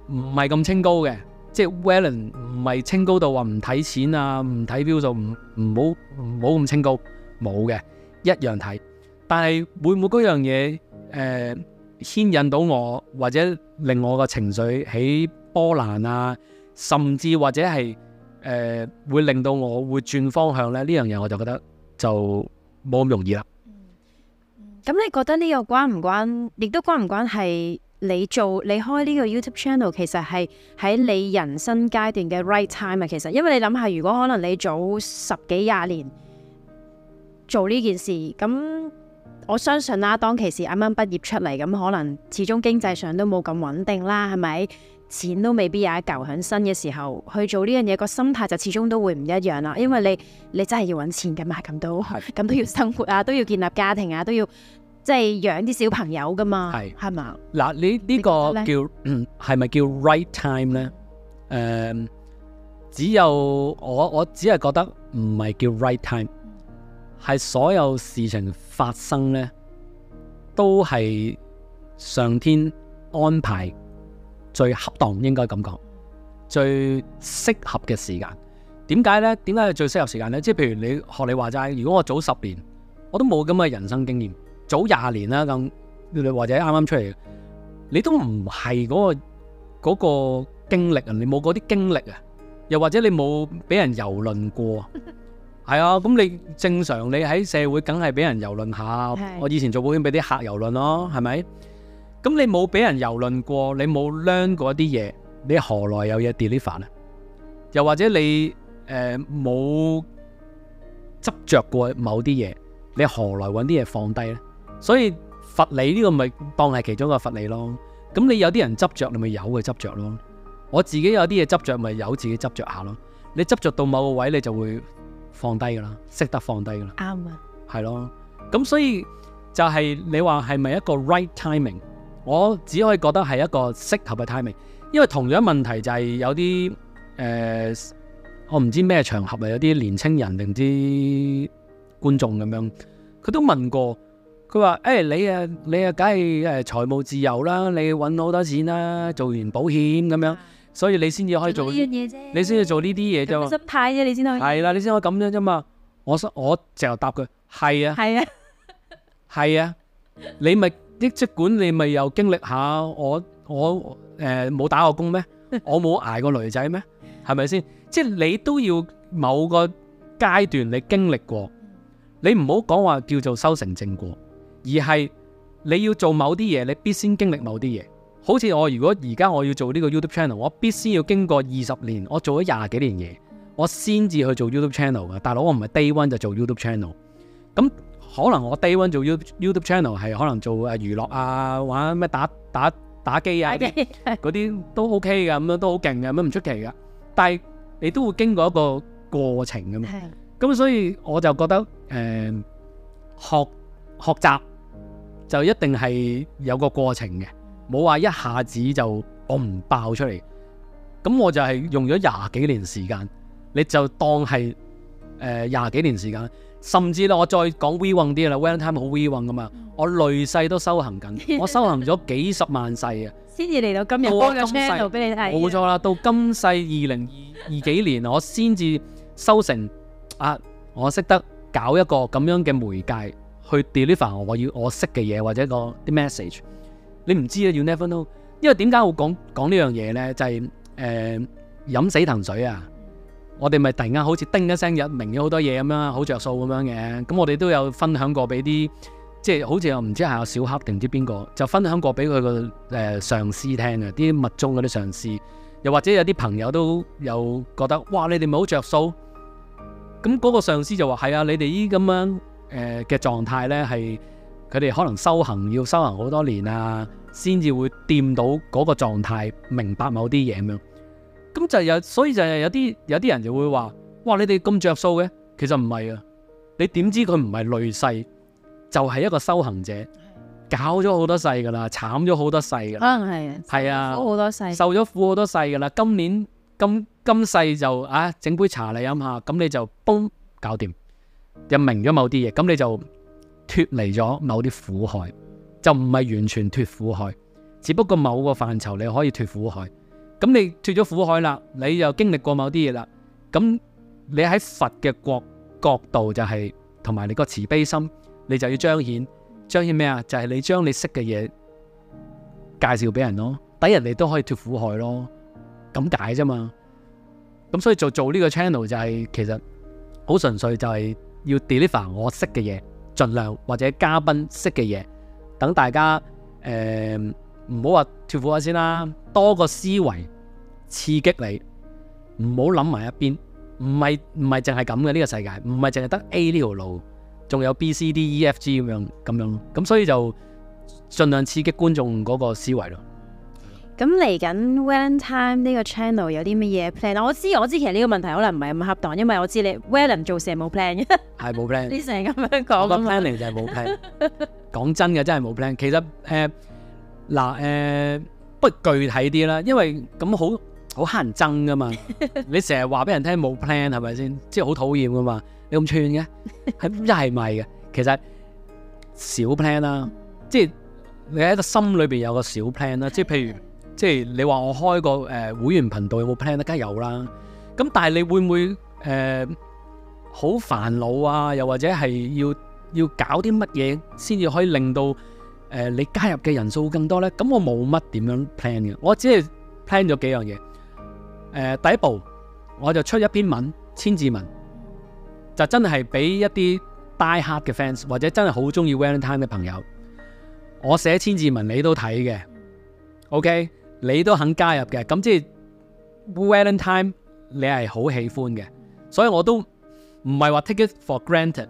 唔係咁清高嘅？即係 Wellen 唔係清高到話唔睇錢啊，唔睇 view 數，唔唔好唔好咁清高，冇嘅一樣睇。但係會唔會嗰樣嘢誒牽引到我，或者令我嘅情緒起波瀾啊？甚至或者係。誒、呃、會令到我會轉方向咧，呢樣嘢我就覺得就冇咁容易啦。咁你覺得呢個關唔關？亦都關唔關係你做你開呢個 YouTube channel？其實係喺你人生階段嘅 right time 啊。其實因為你諗下，如果可能你早十幾廿年做呢件事，咁我相信啦、啊。當其時啱啱畢業出嚟，咁可能始終經濟上都冇咁穩定啦，係咪？錢都未必有一嚿喺身嘅時候去做呢樣嘢，個心態就始終都會唔一樣啦。因為你你真係要揾錢噶嘛，咁都咁都要生活啊，都要建立家庭啊，都要即係、就是、養啲小朋友噶嘛，係嘛？嗱，呢呢、呢個叫係咪叫 right time 呢？誒、呃，只有我我只係覺得唔係叫 right time，係所有事情發生呢，都係上天安排的。最恰當應該咁講，最適合嘅時間。點解呢？點解係最適合的時間呢？即係譬如你學你話齋，如果我早十年，我都冇咁嘅人生經驗；早廿年啦咁，你或者啱啱出嚟，你都唔係嗰個嗰、嗰個經歷啊！你冇嗰啲經歷啊，又或者你冇俾人遊論過，係 [LAUGHS] 啊！咁你正常你喺社會梗係俾人遊論下。 [LAUGHS] 我以前做保險俾啲客遊論咯，係咪？咁你冇俾人游論過，你冇 learn 過一啲嘢，你何來有嘢 delete 翻啊？又或者你誒冇執着過某啲嘢，你何來揾啲嘢放低呢？所以佛理呢、這個咪當係其中一個佛理咯。咁你有啲人執着，你咪有嘅執着咯。我自己有啲嘢執着，咪有自己執着下咯。你執着到某個位，你就會放低噶啦，識得放低噶啦。啱啊，係咯。咁所以就係、是、你話係咪一個 right timing？我只可以覺得係一個適合嘅 timing，因為同樣問題就係有啲誒、呃，我唔知咩場合啊，有啲年青人定知觀眾咁樣，佢都問過，佢話：誒你啊，你啊，梗係誒財務自由啦，你揾好多錢啦，做完保險咁樣，所以你先至可以做呢樣嘢啫，你先要做呢啲嘢啫，心派啫，你先可以，係啦，你先可以咁樣啫嘛。我我成日答佢係啊，係啊，係 [LAUGHS] 啊，你咪。即管你咪又經歷下，我我誒冇、呃、打過工咩？我冇捱過女仔咩？係咪先？即、就是、你都要某個階段你經歷過，你唔好講話叫做修成正果，而係你要做某啲嘢，你必先經歷某啲嘢。好似我如果而家我要做呢個 YouTube channel，我必須要經過二十年，我做咗廿幾年嘢，我先至去做 YouTube channel 嘅。大佬，我唔係 day one 就做 YouTube channel 咁。可能我 day one 做 YouTube channel 係可能做誒娛樂啊，玩咩打打打機啊，嗰、okay. 啲都 OK 噶，咁樣都好勁嘅，咁樣唔出奇噶。但係你都會經過一個過程噶嘛，咁、yes. 所以我就覺得誒、呃、學學習就一定係有個過程嘅，冇話一下子就我唔爆出嚟。咁我就係用咗廿幾年時間，你就當係誒廿幾年時間。甚至我再講 we won 啲啦，Wellen Time 好 we won 噶嘛，嗯、我累世都修行緊，我修行咗幾十萬世啊，先至嚟到今日我嘅 channel 俾你睇。冇錯啦，到今世二零二二幾年， [LAUGHS] 我先至修成啊，我識得搞一個咁樣嘅媒介去 deliver 我要我識嘅嘢或者個啲 message。你唔知啊，You never know。因為點解我講講這事呢樣嘢咧，就係、是、誒、呃、飲死藤水啊！我哋咪突然間好似叮一聲一，日明咗好多嘢咁樣，好着數咁樣嘅。咁我哋都有分享過俾啲，即係好似又唔知係阿小黑定唔知邊個，就分享過俾佢個誒上司聽啊，啲密宗嗰啲上司。又或者有啲朋友都有覺得，哇！你哋咪好着數。咁嗰個上司就話：係啊，你哋呢咁樣誒嘅、呃、狀態呢，係佢哋可能修行要修行好多年啊，先至會掂到嗰個狀態，明白某啲嘢咁樣。咁就有，所以就有啲有啲人就會話：哇！你哋咁着數嘅，其實唔係啊！你點知佢唔係累世，就係、是、一個修行者，搞咗好多世噶啦，慘咗好多世噶啦。可能係啊，係啊，好多世，啊、受咗苦好多世噶啦。今年今今世就啊，整杯茶嚟飲下，咁你就嘣搞掂，又明咗某啲嘢，咁你就脫離咗某啲苦害，就唔係完全脫苦害，只不過某個範疇你可以脫苦害。咁你脫咗苦海啦，你又經歷過某啲嘢啦，咁你喺佛嘅角角度就係，同埋你個慈悲心，你就要彰顯。彰顯咩啊？就係你將你識嘅嘢介紹俾人咯，等人哋都可以脫苦海咯，咁解啫嘛。咁所以做做呢個 channel 就係其實好純粹，就係要 deliver 我識嘅嘢，盡量或者嘉賓識嘅嘢，等大家誒唔好話脫苦海先啦，多個思維，刺激你，唔好諗埋一邊，唔係唔係淨係咁嘅呢個世界，唔係淨係得 A 呢條路，仲有 B、C、D、E、F、G 咁樣咁樣，咁所以就盡量刺激觀眾嗰個思維咯。咁嚟緊 Wellen Time 呢個 channel 有啲乜嘢 plan？我知我知，其實呢個問題可能唔係咁恰當，因為我知你 Wellen 做事冇 plan 嘅，係冇 plan，你成日咁樣講，冇 plan 嚟就係冇 plan。講真嘅，真係冇 plan。其實誒嗱誒，不過、呃呃呃、具體啲啦，因為咁好。好乞人憎㗎嘛？你成日話俾人聽冇 plan 係咪先？即係好討厭㗎嘛？你咁串嘅，一係咪嘅？其實小 plan 啦、啊，即係你喺個心裏邊有個小 plan 啦、啊。即係譬如，即係你話我開個誒、呃、會員頻道有冇 plan 得梗係有啦。咁但係你會唔會誒好煩惱啊？又或者係要要搞啲乜嘢先至可以令到誒、呃、你加入嘅人數更多咧？咁我冇乜點樣 plan 嘅，我只係 plan 咗幾樣嘢。誒、呃、第一步，我就出一篇文，千字文，就真係俾一啲 die hard 嘅 fans，或者真係好中意 Wellen 嘅朋友，我寫千字文，你都睇嘅，OK，你都肯加入嘅，咁即係 Wellen 你係好喜歡嘅，所以我都唔係話 take it for granted，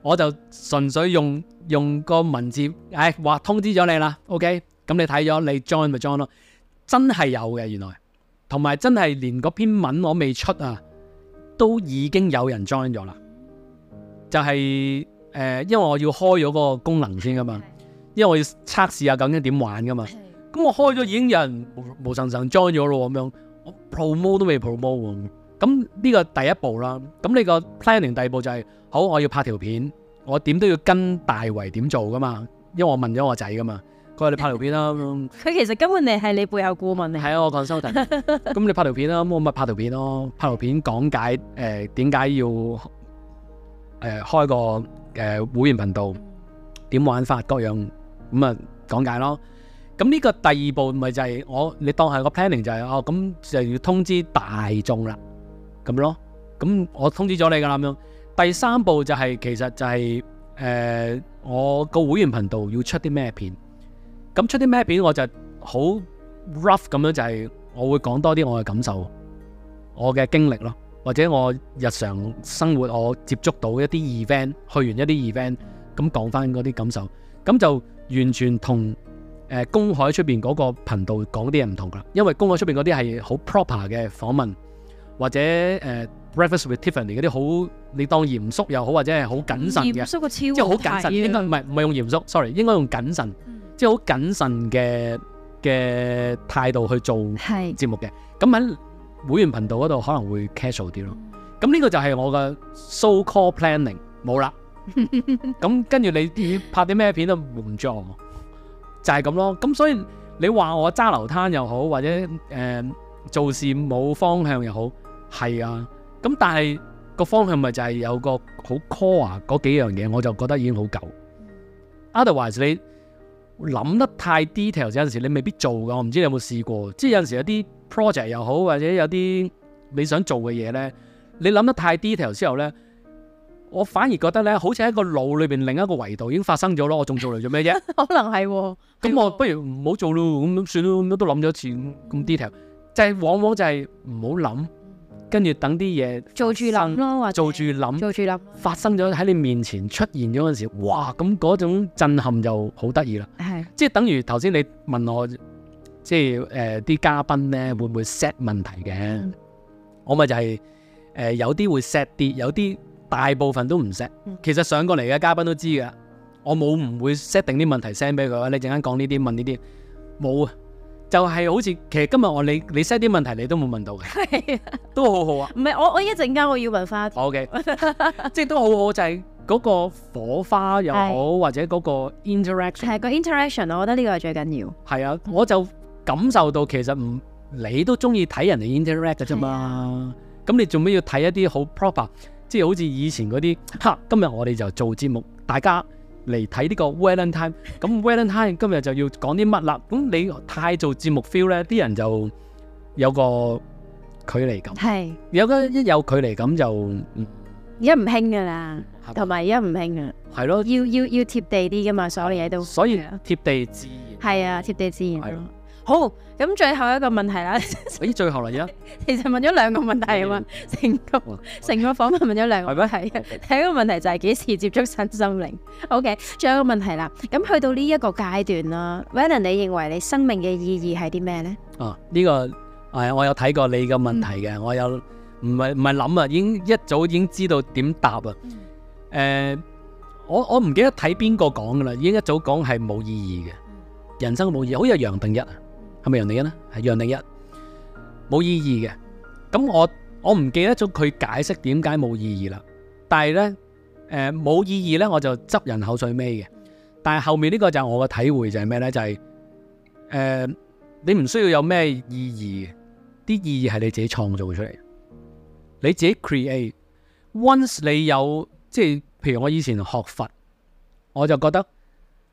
我就純粹用用個文字，誒、哎、話通知咗你啦，OK，咁你睇咗，你 join 咪 join 咯，真係有嘅原來的的。同埋真係連嗰篇文我未出啊，都已經有人 join 咗啦。就係、是、誒、呃，因為我要開咗個功能先噶嘛，因為我要測試下究竟點玩噶嘛。咁我開咗已經有人無無，無神神 join 咗咯咁樣，我 promote 都未 promote 喎。咁呢個第一步啦。咁你個 planning 第二步就係、是、好，我要拍條片，我點都要跟大圍點做噶嘛，因為我問咗我仔噶嘛。佢話你拍條片啦，佢 [LAUGHS] 其實根本嚟係你背後顧問嚟，係、嗯、啊，是 [LAUGHS] 我講收睇。咁 [LAUGHS] 你拍條片啦，咁我咪拍條片咯，拍條片講解誒點解要誒、呃、開個誒、呃、會員頻道點玩法各樣咁啊講解咯。咁呢個第二步咪就係、是、我你當係個 planning 就係、是、哦，咁就要通知大眾啦，咁樣咯。咁我通知咗你噶啦，咁樣第三步就係、是、其實就係、是、誒、呃、我個會員頻道要出啲咩片。咁出啲咩片我就好 rough 咁樣就係我會講多啲我嘅感受，我嘅經歷咯，或者我日常生活我接觸到一啲 event，去完一啲 event 咁講翻嗰啲感受，咁就完全同誒公海出邊嗰個頻道講啲嘢唔同啦，因為公海出邊嗰啲係好 proper 嘅訪問。或者誒 breakfast、呃、with Tiffany 嗰啲好，你當嚴肅又好，或者係好謹慎嘅，即係好謹慎，應該唔係唔係用嚴肅，sorry，應該用謹慎，即係好謹慎嘅嘅態度去做節目嘅。咁喺會員頻道嗰度可能會 casual 啲、 [LAUGHS] 就是、咯。咁呢個就係我嘅 so called planning 冇啦。咁跟住你拍啲咩片都唔做，就係咁咯。咁所以你話我揸流灘又好，或者誒、呃、做事冇方向又好。係啊，咁但係個方向咪就係有個好 core 嗰幾樣嘢，我就覺得已經好舊。Otherwise 你諗得太 detail，有陣時你未必做噶。我唔知你有冇試過，即係有陣時有啲 project 又好，或者有啲你想做嘅嘢咧，你諗得太 detail 之後咧，我反而覺得咧好似喺個腦裏邊另一個維度已經發生咗咯。我仲做嚟做咩啫？ [LAUGHS] 可能係咁、哦嗯哦，我不如唔好做咯。咁算咯，都諗咗一次咁 detail，就係、是、往往就係唔好諗。跟住等啲嘢做住諗咯，或者做住諗，做住諗，發生咗喺你面前出現咗嗰陣時，哇！咁嗰種震撼就好得意啦。係，即係等於頭先你問我，即係啲、呃、嘉賓咧會唔會 set 問題嘅、嗯？我咪就係誒有啲會 set 啲，有啲大部分都唔 set、嗯。其實上過嚟嘅嘉賓都知㗎，我冇唔會 set 定啲問題 send 俾佢。你陣間講呢啲問呢啲冇啊。就係、是、好似其實今日我你你 set 啲問題你都冇問到嘅、啊，都好好啊。唔係我我一陣間我要問翻。O、okay, K， [LAUGHS] 即係都好好就係、是、嗰個火花又好，或者嗰個 interaction 係、啊，那個 interaction，我覺得呢個係最緊要。係啊，我就感受到其實唔你都鍾意睇人哋 interact 嘅啫、啊、嘛。咁你做咩要睇一啲好 proper？即係好似以前嗰啲，哈！今日我哋就做節目，大家。嚟睇呢個 Wellen Time，咁 Wellen Time 今日就要講啲乜啦？咁你太做節目 feel 咧，啲人就有個距離感。係，有個一有距離感就而家唔興噶啦，同埋而家唔興啊。係咯，要要要貼地啲噶嘛，所有嘢都所以貼地自然。係啊，貼地自然咯。好，咁最後一個問題啦。咦，最後嚟啊？其實問咗兩個問題啊，成個成個訪問問咗兩個問題啊。Okay. 第一個問題就係幾時接觸身心靈？Okay，最後一個問題啦。咁去到呢一個階段啦 Vannon 你認為你生命嘅意義係啲咩咧？哦、啊，呢、這個誒，我有睇過你嘅問題嘅、嗯，我有唔係唔係諗啊，已經一早已經知道點答啊。誒、嗯呃，我我唔記得睇邊個講噶啦，已經一早講係冇意義嘅，人生冇意義，好似楊定一。係咪楊定一呢？係楊定一，冇意義嘅。咁我我唔記得咗佢解釋點解冇意義啦。但係呢，誒、呃、冇意義呢，我就執人口水尾嘅。但係後面呢個就係我嘅體會就係咩呢？就係、是、誒、呃，你唔需要有咩意義，啲意義係你自己創造出嚟，你自己 create。Once 你有，即係譬如我以前學佛，我就覺得。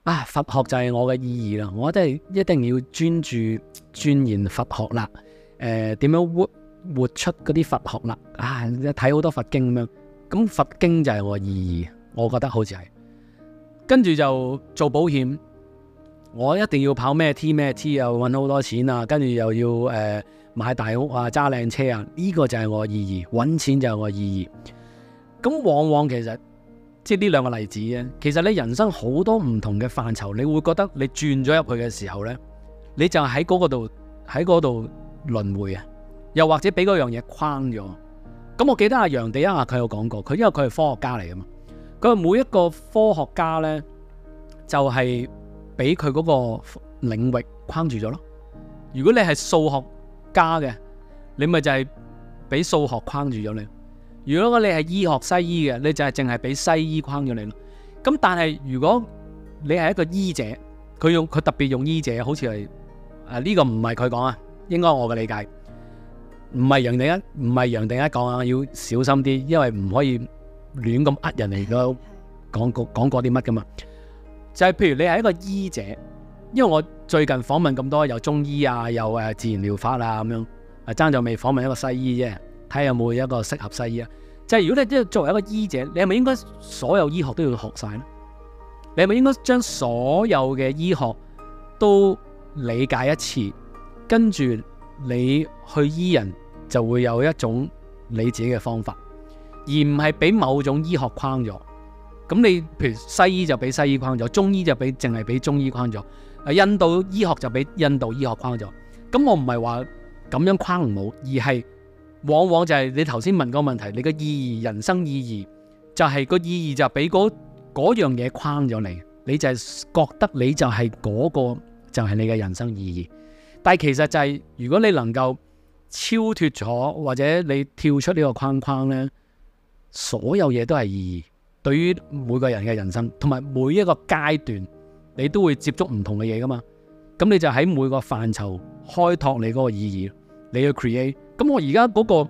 啊！佛學就係我嘅意義啦，我真係一定要專注鑽研佛學啦。誒、呃，點樣活活出嗰啲佛學啦？啊，睇好多佛經咁樣，咁佛經就係我嘅意義，我覺得好似係。跟住就做保險，我一定要跑咩 T 咩 T 又搵好多錢啊，跟住又要誒、呃、買大屋啊，揸靚車啊，呢、這個就係我嘅意義，搵錢就係我嘅意義。咁往往其實。即係呢兩個例子嘅，其實你人生好多唔同嘅範疇，你會覺得你轉咗入去嘅時候呢，你就喺嗰度，喺度輪迴啊，又或者俾嗰樣嘢框咗。咁我記得阿楊定一啊，佢有講過，佢因為佢係科學家嚟噶嘛，佢話每一個科學家呢，就係俾佢嗰個領域框住咗咯。如果你係數學家嘅，你咪就係俾數學框住咗你。如果我你係醫學西醫嘅，你就係淨係俾西醫框咗你咯。咁但係如果你係一個醫者，佢用佢特別用醫者，好似係啊呢個唔係佢講啊，應該我嘅理解唔係楊定一，唔係楊定一講啊，要小心啲，因為唔可以亂咁呃人嚟咯。講講講過啲乜噶嘛？就係譬如你係一個醫者，因為我最近訪問咁多有中醫啊，有誒自然療法啊咁樣，爭仲未訪問一個西醫啫。睇下有冇一個適合西醫啊？就係、係、如果你即作為一個醫者，你係咪應該所有醫學都要學晒呢？你係咪應該將所有嘅醫學都理解一次，跟住你去醫人就會有一種你自己嘅方法，而唔係俾某種醫學框咗。咁你譬如西醫就俾西醫框咗，中醫就俾，淨係俾中醫框咗，啊印度醫學就俾印度醫學框咗。咁我唔係話咁樣框唔好，而係。往往就係你頭先問個問題，你個意義、人生意義，就係、是、個意義就俾嗰嗰樣嘢框咗你，你就係覺得你就係嗰、那個就係、是、你嘅人生意義。但係其實就係、是、如果你能夠超脫咗，或者你跳出呢個框框呢，所有嘢都係意義。對於每個人嘅人生，同埋每一個階段，你都會接觸唔同嘅嘢噶嘛，咁你就喺每個範疇開拓你嗰個意義，你要 create。咁我而家嗰個、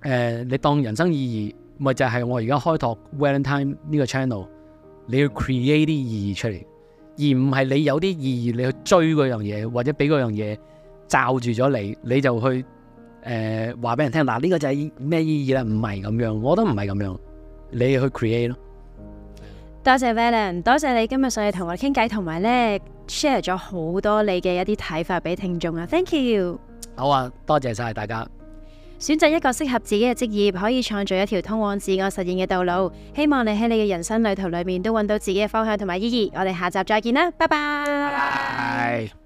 呃、你當人生意義咪就係、是、我而家開拓 Wellen Time 呢個 channel，你要 create 啲意義出嚟，而唔係你有啲意義你去追嗰樣嘢，或者俾嗰樣嘢罩住咗你，你就去誒話俾人聽嗱，呢、啊呢個就係咩意義咧？唔係咁樣，我覺得唔係咁樣，你去 create 咯。多謝 Wellen，多謝你今日上嚟同我傾偈，同埋咧 share 咗好多你嘅一啲睇法俾聽眾啊，Thank you。好啊，多謝晒大家。選擇一個適合自己嘅職業，可以創造一條通往自我實現嘅道路。希望你喺你嘅人生旅途裏面，都揾到自己嘅方向同埋意義。我哋下集再見啦，拜拜。Bye.